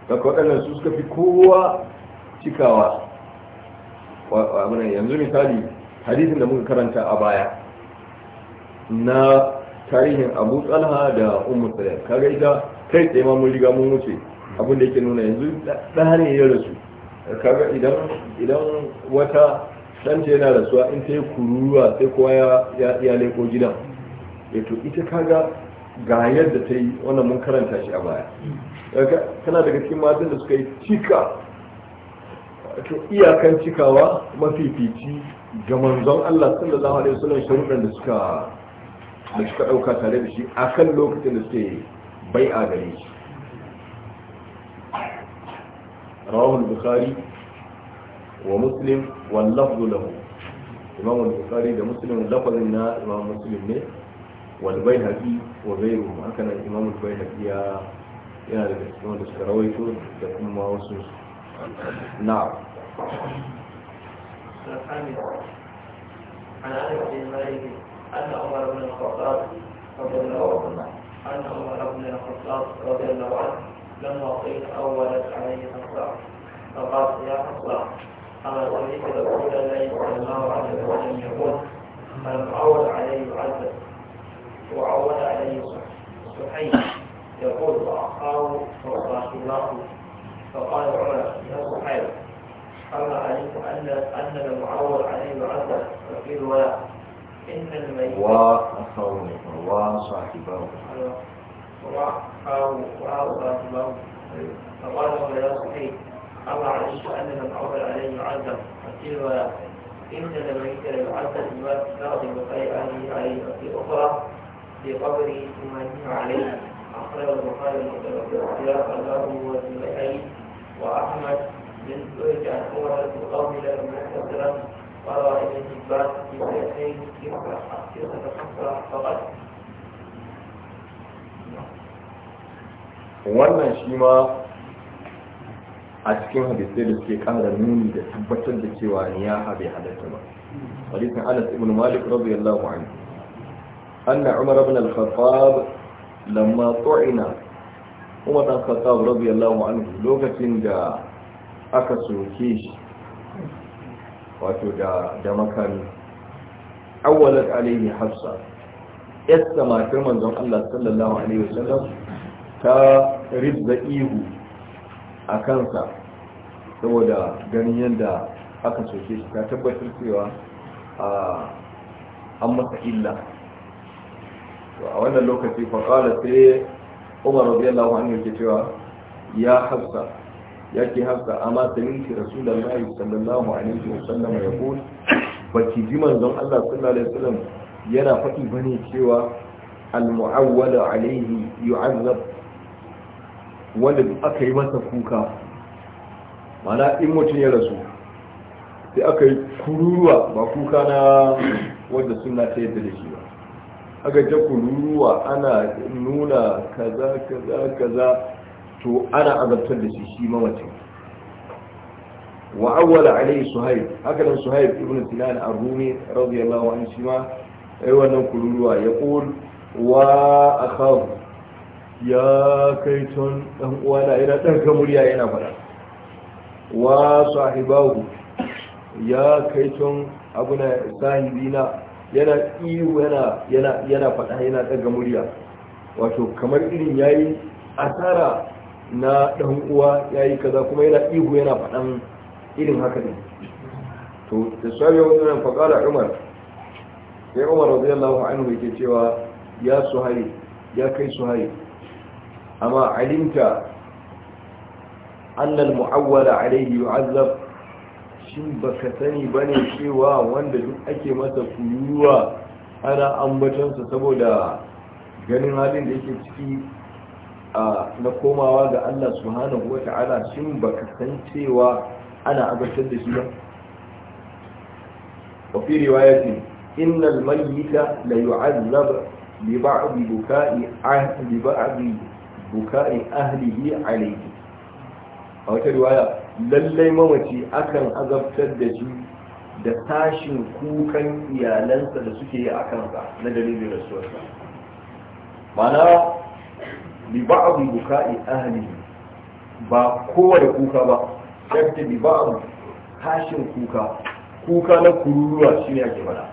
da waɗannan su suka fi kowa cikawa yanzu misali hadisin da muka karanta a baya na tarihin abu tsalha da umu tsaye kaga ita kai tsaye ma mun riga mun wuce abin da yake nuna yanzu ɗaya ne ya rasu kaga idan wata ɗanta yana rasuwa in ta yi kuruwa, sai kowa ya leko gidan e to ita kaga ga yadda ta yi wannan mun karanta shi a baya Kana daga cikin matan da suka yi cika to iyakan cikawa mafifici ga manzon Allah sallallahu alaihi wasallam shirin da suka da suka dauka tare da shi a kan lokacin da suke bai'a gare shi rawahu al-bukhari wa muslim wal lafzu lahu imam bukhari da muslim lafazin na imam muslim ne wal bayhaqi wa ghayruhu hakan imam bayhaqi ya yana da wanda suka rawaito da kuma wasu نعم عن انس بن مالك ان عمر بن الخطاب رضي الله عنه ان عمر بن الخطاب رضي الله عنه لما قيل اولت عليه حصى فقال يا حصى اما سمعت رسول الله صلى الله عليه وسلم يقول من عود عليه عزه وعود عليه الواء إن الميت وأخوه وصاحبه وأخوه وصاحبه فقال هو لا صحيح أما علمت أن من عبر عليه يعذب قتل ولا إن الميت يعذب بما تستغرب بقي أهله عليه وفي أخرى في قبره ثم ينهى عليه أخرج البخاري واختلاف له والزبيعين وأحمد من سئل عن عمر المقابل لما اعتذرت وروى ابن حبان في سيئتين في فقط wannan shi ma a cikin hadisai da suke kara nuni da tabbatar da cewa niyaha bai halatta ba hadisin anas ibn malik radiyallahu anhu anna umar ibn al-khattab lamma tu'ina umar ibn al-khattab radiyallahu anhu lokacin da aka soke shi wato da makami awwalat alaihi hafsa yasta matar manzon Allah sallallahu alaihi wasallam ta rizza ihu a kansa saboda ganin yadda aka soke shi ta tabbatar cewa an masa illa a wannan lokaci faƙalar sai umar radiyallahu anhu ke cewa ya hafsa yake hafsa amma saminki rasulullahi sallallahu alaihi wasallam ya ko baki ji manzon Allah sallallahu alaihi wasallam yana faɗi bane cewa al-mu'awwal alaihi yu'azzab wanda aka yi masa kuka mana in mutum ya rasu sai aka yi kururuwa ba kuka na wanda suna ta yadda da shi ba aka ta kururuwa ana nuna kaza kaza kaza to ana azabtar da shi shi mawacin wa awwala alayhi suhayb haka nan suhayb ibn sinan ar-rumi radiyallahu anhu shi ma ai wannan kururuwa ya qul wa akhaw ya kaiton dan uwana yana ga murya yana fara wa sahibahu ya kaiton abuna sahibina yana iyu yana yana yana fada yana daga murya wato kamar irin yayi asara na ɗan uwa ya yi kaza kuma yana ihu yana faɗan irin haka ne to da sabi wani nan faƙala umar sai umar lafa ainihu yake cewa ya hari ya kai hari amma alinta annal mu'awwala alaihi yu'azzab shin baka sani bane cewa wanda duk ake masa kuyuwa ana ambatansa saboda ganin halin da yake ciki na komawa ga Allah subhanahu wa ta'ala shin baka san cewa ana abartar da shi ba wa fi riwayatin innal mayyita la yu'azzab bi ba'd buka'i ahli ba'd buka'i ahlihi alayhi a wata riwaya lallai mamaci akan azabtar da shi da tashin kukan iyalansa da suke yi a kansa na dalilin rasuwarsa mana bi ba'd buka'i ahlihi ba kowane kuka ba yadda bi ba'd hashin kuka kuka na kururuwa shine ake fada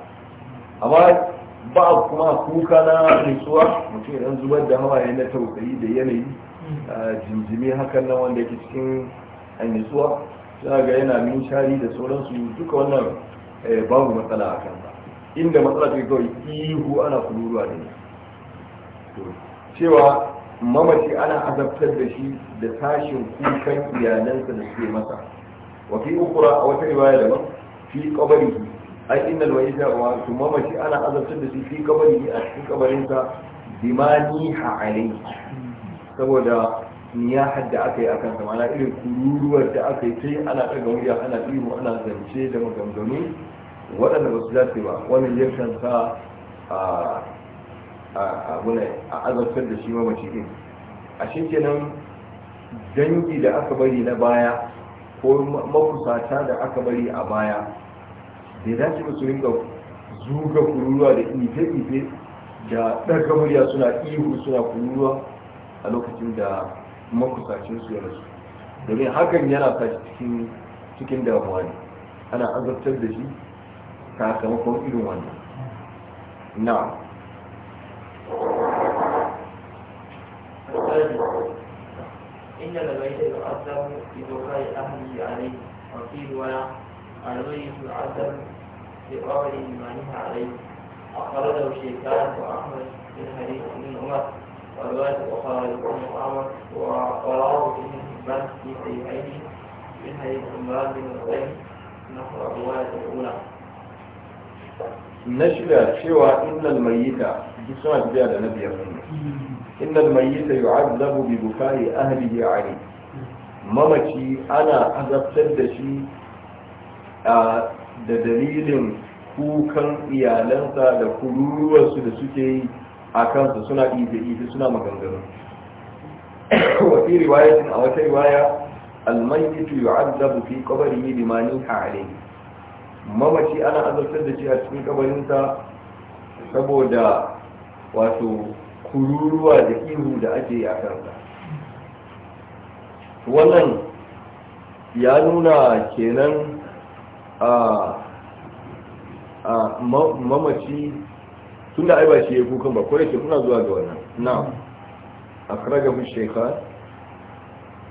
amma ba kuma kuka na nutsuwa mutum idan zubar da hawaye na tausayi da yanayi jinjimi hakan nan wanda yake cikin nutsuwa suna ga yana minshari da sauransu duka wannan eh, babu matsala a kan inda matsala ta kawai ihu ana kururuwa da cewa mamaci ana azabtar da shi da tashin kukan iyalansa da suke masa wafi ukura a wata riwaya daban fi kabari ai inna alwayta wa to mamaci ana azabtar da shi fi kabari a cikin kabarinsa bimani ha alai saboda niyahar da aka yi akan sa mana irin kururuwar da aka yi ana ɗaga wuya ana ihu ana zance da maganganu waɗanda ba su dace ba wannan yakan sa a azabtar da shi mamaci din a shi dangi da aka bari na baya ko makusata da aka bari a baya da dace su ringa zuga kururuwa da ife-ife da ɗarka murya suna ihu suna kururuwa a lokacin da makusacinsu ya rasu domin hakan yana sa cikin cikin damuwa ne ana azabtar da shi sakamakon irin wannan na إن الميت يعذب بدخاء أهله عليه وفي رواية الغيث يعذب بقبر إيمانه عليه أخرجه الشيخان وأحمد من حديث ابن عمر ورواية أخرى لابن عمر وقراه ابن حبان في صحيحيه من حديث عمران بن الحسين نحو الرواية الأولى. نشر سوى إن mayyita duk suna tafiya da na biyar innal mayyita yu'azzabu bi bukai ahlihi ali mamaci ana azabtar da shi da dalilin kukan iyalansa da kururuwarsu da suke yi a kansu suna ife-ife suna maganganu wafi riwayatin a wata riwaya almayitu yu'azzabu fi qabrihi bima niha alayhi mamaci ana azabtar da shi a cikin kabarinsa saboda wato kururuwa da ihu da ake yi a kanka. wannan ya nuna kenan a mamaci tun da aiba shi ya kukan ba kwarai shi kuna zuwa ga wannan na akragahu shekha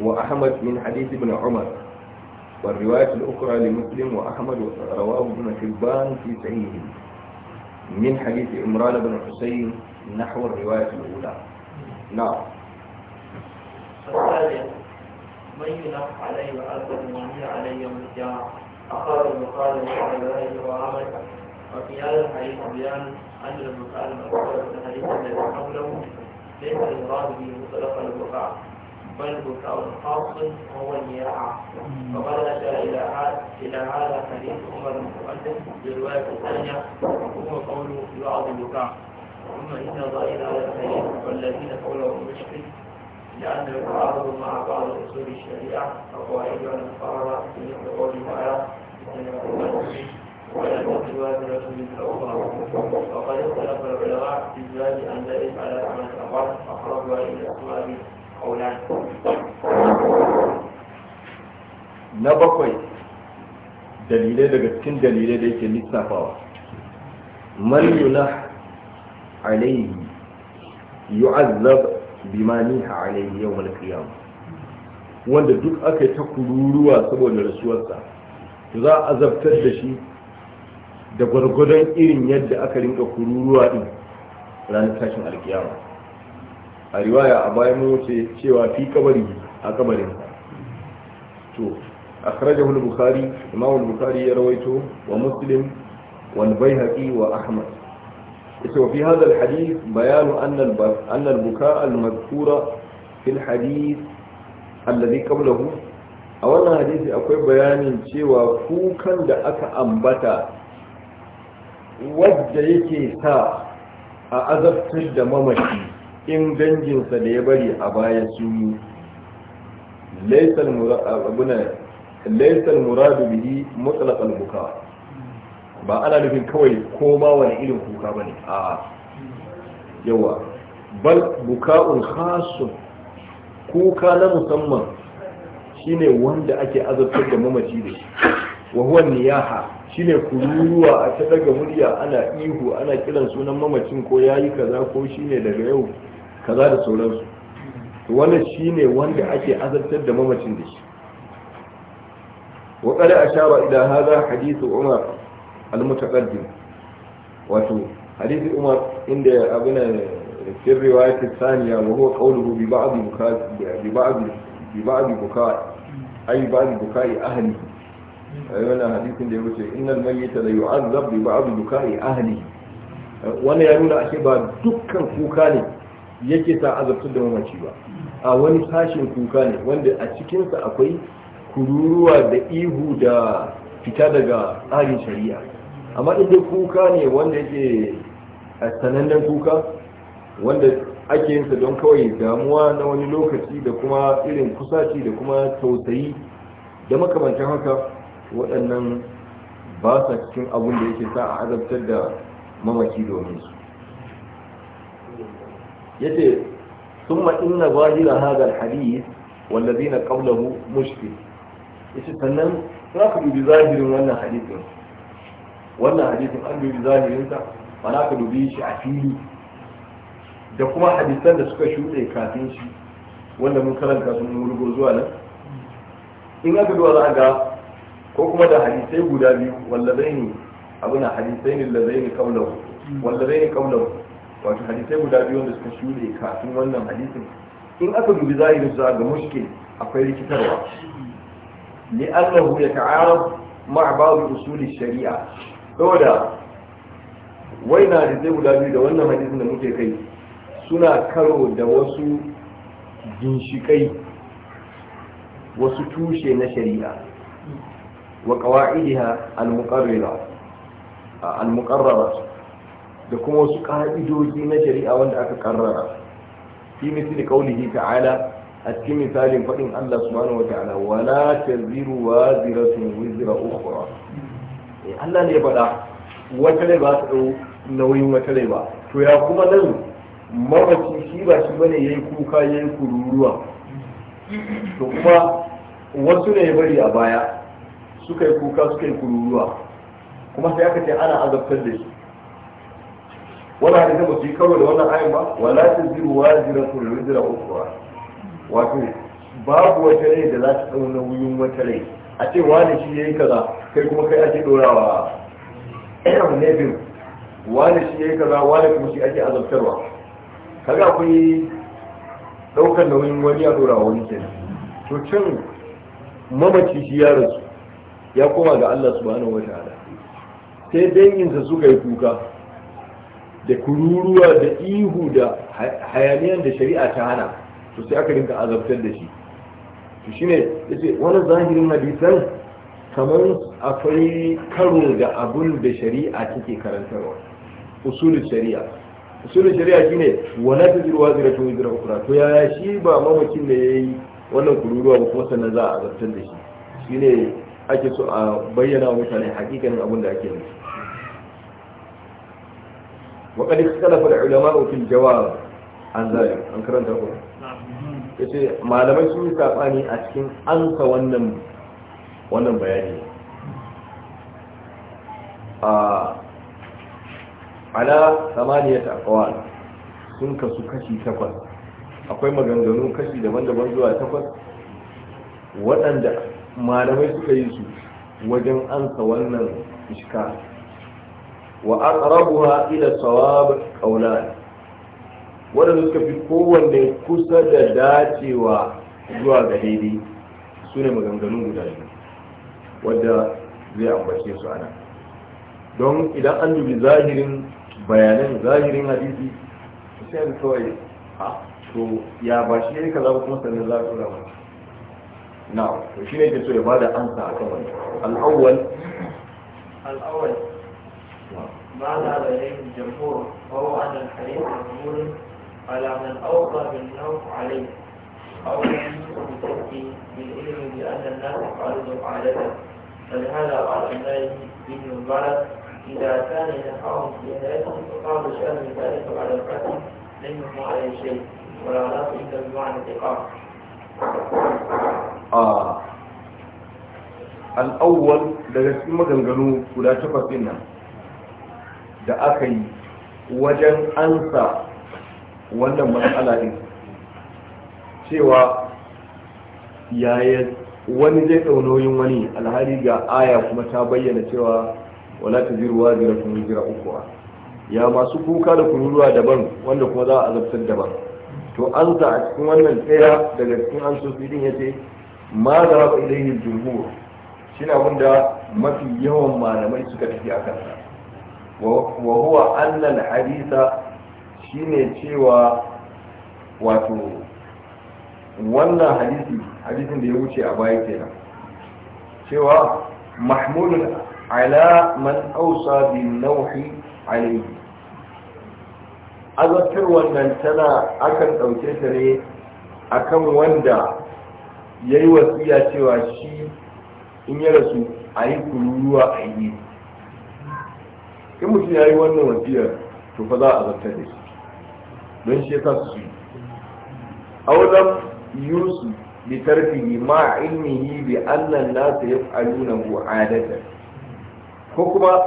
wa ahmad min hadith ibn umar والرواية الأخرى لمسلم وأحمد ورواه ابن حبان في صحيحه من حديث عمران بن حسين نحو الرواية الأولى نعم الثالث من ينق علي وأذن وهي علي يوم القيامة أخرج البخاري وعليه وعمل وفي هذا الحديث بيان أن البخاري المذكور في الحديث الذي قبله ليس المراد به مطلقا الوقاع بل أو خاص هو الياعة وقد أشار إلى هذا إلى هذا حديث عمر مؤلف في الرواية الثانية وهو قوله في بعض البكاء ثم إن ضائل على الحديث والذين قوله مشكل لأنه يتعارض مع بعض أصول الشريعة وقواعدها المقررة في قول تعالى ولا تزواج رجل الأخرى وقد اختلف العلماء في الزاد أن ذلك على عمل الأخر أقرب إلى أسماء na bakwai dalilai daga cikin dalilai da yake lissafawa man yuna alaihi yu'azzab bima niha alaihi yawmal qiyamah wanda duk aka yi ta kururuwa saboda rasuwarsa za a azabtar da shi da gwargwadon irin yadda aka rinka kururuwa din ranar tashin alkiyama a riwaya a bayan wuce cewa fi kabari a kabarin to a al-bukhari bukari al bukari ya rawaito wa muslim bai bayhaqi wa ahmad isa fi hadha al-hadith bayan anna anna al-bukaa al hadith alladhi qablahu a wannan hadisi akwai bayanin cewa kukan da aka ambata wadda yake sa a azabtar da mamaci in danginsa da ya bari a baya su yi laisar muradu bihi mutlaq al ba ana nufin kawai koma wani irin kuka ba ne. a yawa bal buka'un khasun kuka na musamman shine wanda ake azabtar da mamaci da shi wa huwa niyaha shine kururuwa a ta daga murya ana ihu ana kiran sunan mamacin ko yayi kaza ko shine daga yau kaza da sauransu to wannan shine wanda ake azartar da mamacin da shi wa qala ashara ila hadha hadith umar almutaqaddim wato hadith umar inda abuna fi riwayat thaniya wa huwa qawluhu bi ba'd bukai ahli wannan ya nuna ake ba dukkan kuka ne yake sa azabtar da mamaci ba a wani sashin kuka ne wanda a cikinsa akwai kururuwa da ihu da fita daga tsarin shari'a amma inda kuka ne wanda yake a sanannen kuka wanda ake yinsa don kawai damuwa na wani lokaci da kuma irin kusaci da kuma tausayi da makamantar haka waɗannan ba sa cikin abin da yake sa a azabtar da mamaci domin su yace thumma inna zahira hadha alhadith wallazina qablahu mushkil yace sannan za ku dubi zahirin wannan hadisin wannan hadisin an dubi zahirin sa ba ka dubi shi a fili da kuma hadisan da suka shuɗe kafin shi wanda mun karanta sun murgur zuwa nan in aka duwa za a ga ko kuma da hadisai guda biyu wallazai ne abin hadisai ne lazai ne kaunahu wato hadisai guda biyu wanda suka shuɗe kafin wannan hadisin in aka dubi zahirin su ga mushkil akwai rikitarwa allahu yata'arab ma'a ba'd usuli shari'a saboda wai na hadisai guda biyu da wannan hadisin da muke kai suna karo da wasu ginshikai wasu tushe na shari'a wa qawa'idiha al-muqarrara al-muqarrara da kuma wasu ƙa'idoji na shari'a wanda aka karrara fi misali qaulihi ta'ala a cikin misalin faɗin Allah subhanahu wata'ala wala wa ziratu wizra ukhra eh Allah ne faɗa wata ne ba ta nauyin wata ne ba to ya kuma nan mabaci shi ba shi bane yayi kuka yayi kururuwa to kuma wasu ne bari a baya suka yi kuka suka yi kururuwa kuma sai aka ce ana azabtar da shi wani hadisi ba su yi kawai da wannan ayin ba wala ta ziru wa zira su da rijira ukuwa wato babu wata rai da za ta na wuyin wata rai a ce wani shi ya yi kaza kai kuma kai ake ɗorawa ne nebin wani shi ya yi kaza wani kuma shi ake azabtarwa kaga akwai ɗaukar nauyin wani a ɗorawa wani kenan to cin mamaci shi ya rasu ya koma ga Allah subhanahu wa ta'ala sai danginsa suka yi kuka da kururuwa da ihu da hayaniyan da shari'a ta hana to sai aka rinka azabtar da shi to shine yace wani zahirin hadisan kamar akwai karo da abun da shari'a take karantarwa usulul shari'a usulul shari'a shine wala tajiru waziratu wazira ukra to ya shi ba mamakin da yayi wannan kururuwa ba kuma sannan za a azabtar da shi shine ake so a bayyana mutane hakikanin abun da ake nufi wa qad ikhtalafa al-ulama fil jawab an zalik an karanta ko yace malamai sun yi sabani a cikin ansa wannan wannan bayani a ala samaniyat aqwal sun kasu kashi takwas akwai maganganu kashi daban-daban zuwa takwas waɗanda malamai suka yi su wajen ansa wannan iska wa aqrabuha ila sawab qawlan wanda suka fi kowanne kusa da dacewa zuwa ga daidai su ne maganganun guda biyu wadda zai ambace su ana don idan an dubi zahirin bayanan zahirin hadisi sai da kawai a ah, to ya ba shi ne kaza kuma sannan za su rama na to shi ne ke so ya bada ansa a kan wani al'awwal al'awwal ما ذهب إليه الجمهور وهو أن الحديث مجمول على من أوصى بالنوم عليه أو من يكن بالعلم بأن الناس قالوا عادته فلهذا قال الناس بن مبارك إذا كان ينفعهم في حياته فقال شأن ذلك على الفتح لم يقم عليه شيء ولا علاقة إلا بمعنى الإقامة آه الأول ده cikin maganganu ولا takwas ɗin da aka yi wajen ansa wannan matsala din cewa yaya wani zai tsaunoyin wani alhali ga aya kuma ta bayyana cewa wala ta jiruwa jira kuma jira ukuwa ya masu kuka da kururuwa daban wanda kuma za a azabtar daban to an a cikin wannan tsaya daga cikin an so din ya ce ma za ba ilayin jumhur shi na wanda mafi yawan malamai suka tafi a kansa wa huwa hadisa shine cewa wato wannan hadisi hadisin da ya wuce a baya kenan cewa mahmudun ala man ausa bin nauhi alayhi azabtar wannan tana akan dauke ta ne akan wanda yayi wasiya cewa shi in ya rasu ayi a ayi in mutum ya yi wannan wasiyar to fa za a zarta da shi don shi ta su yi aulam yusu bi tarfihi ma ilmihi bi annan nasu yaf'aluna hu adatan ko kuma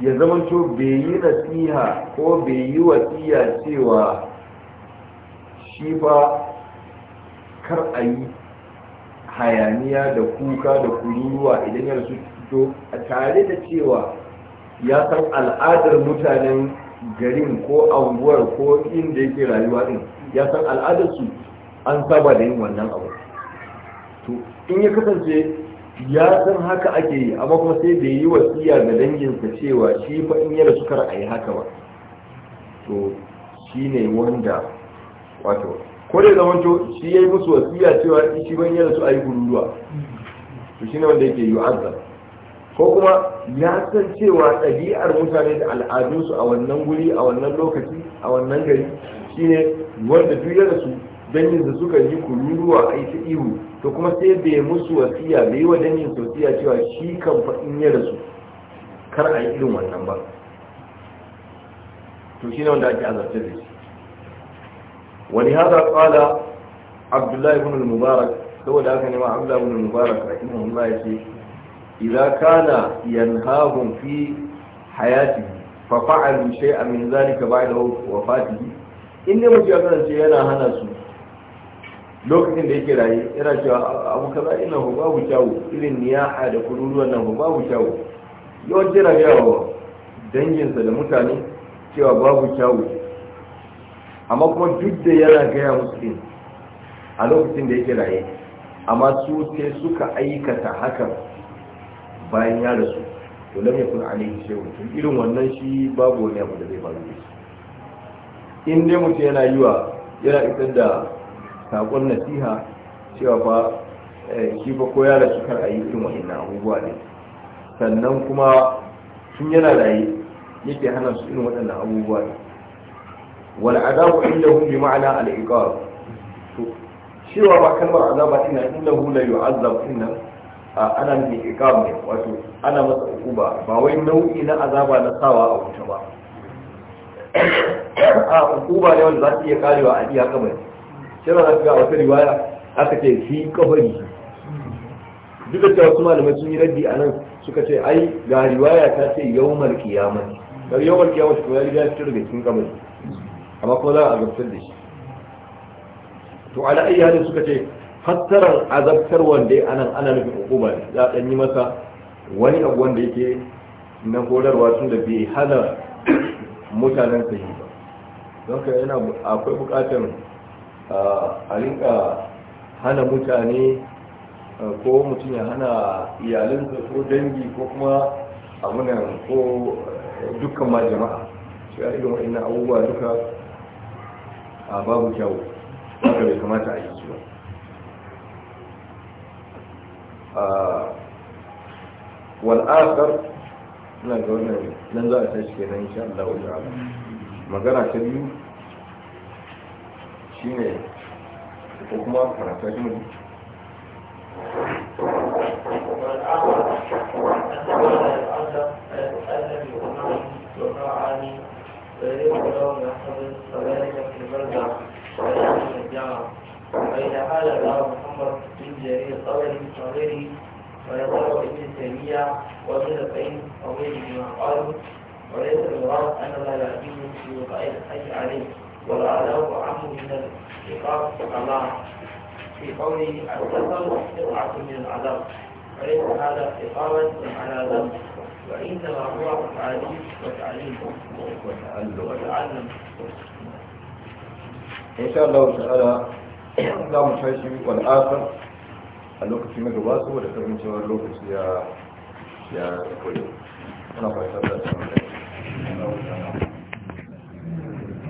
ya zamanto bai yi nasiha ko bai yi wasiya cewa shi fa kar a yi hayaniya da kuka da kururuwa idan yana su a tare da cewa ya san al'adar mutanen garin ko anguwar ko inda yake rayuwa din ya san al'adar su an saba da yin wannan abu to in ya kasance ya san haka ake yi amma kuma sai bai yi wasiya ga danginsa cewa shi fa in yana suka a haka ba to shi ne wanda wato ko da zaman to shi ya yi musu wasiya cewa shi ban yana su a yi gururuwa to shi ne wanda yake yi azab ko kuma ya san cewa ɗabi'ar mutane da al'adunsu a wannan guri a wannan lokaci a wannan gari shine wanda duk ya rasu dangin da suka yi kururuwa a ita ihu to kuma sai bai musu wasiya bai wa dangin wasiya cewa shi kan faɗin ya rasu kar a yi irin wannan ba to shi ne wanda ake azabta da shi wani hada tsada abdullahi ibn mubarak saboda haka ne ma abdullahi ibn mubarak rahimahullah ya ce idza kana yanhahum fi hayatihi fa fa'alu shay'an min zalika ba'da wafatihi in ne mutum ya kasance yana hana su lokacin da yake raye yana cewa abu kaza ina ku babu kyawu irin niyaha da kururuwan nan ku babu kyawu Yawancin yana gaya wa danginsa da mutane cewa babu kyawu amma kuma duk da yana gaya musu din a lokacin da yake raye amma su sai suka aikata hakan bayan ya rasu to lam yakun alaihi shay'un to irin wannan shi babu wani abu da zai faru da shi in dai mutum yana yiwa yana isar da sakon nasiha cewa fa eh, shi fa ko ya rasu kar a yi irin wannan abubuwa ne sannan kuma tun yana raye yake hana su irin waɗannan abubuwa ne wal azabu indahu bi ma'ana al iqab to cewa ba kalmar azaba ina indahu la yu'azzab inna ana mai ikam ne wato ana masa hukuma ba wai nau'i na azaba na sawa a wuta ba a hukuma ne wanda za su iya karewa a iya kamar shi na ga wata riwaya aka ce fi kafari duk da cewa wasu malamai sun yi raddi a nan suka ce ai ga riwaya ta ce yawmar kiyama dan yawmar kiyama shi ya riga ta daga kin kabari amma kuma za a gamsar da shi to ala ayi hadin suka ce fassarar azabtar wanda ya anan ana nufin hukuma ne za a yi masa wani abu wanda yake na horarwa tun da bai hana mutanen sahi ba don ka yana akwai bukatar a rinka hana mutane ko mutum ya hana iyalinsa ko dangi ko kuma nan ko dukkan ma jama'a shi a irin wa'in abubuwa duka a babu kyau haka bai kamata a yi su ba والآخر na ga wannan nan za a tashi ke nan insha Allah wajen ala magana ta biyu shi ne ko kuma karata shi ne فذلك في الله من جرير الطبري وغيره ويظهر ابن التيمية وابن القيم وغيرهما قالوا وليس المراد أن لا يعجبه في وقع الحج عليه ولا علاه عنه من العقاب على في قوله السفر سرعة من العذاب وليس هذا عقابا على ذنب وإنما هو تعليم وتعليم وتعلم إن شاء الله تعالى لا مشاهد والآخر a lokaci na gaba saboda cewa lokaci ya ya koyo ana fahimtar da samun da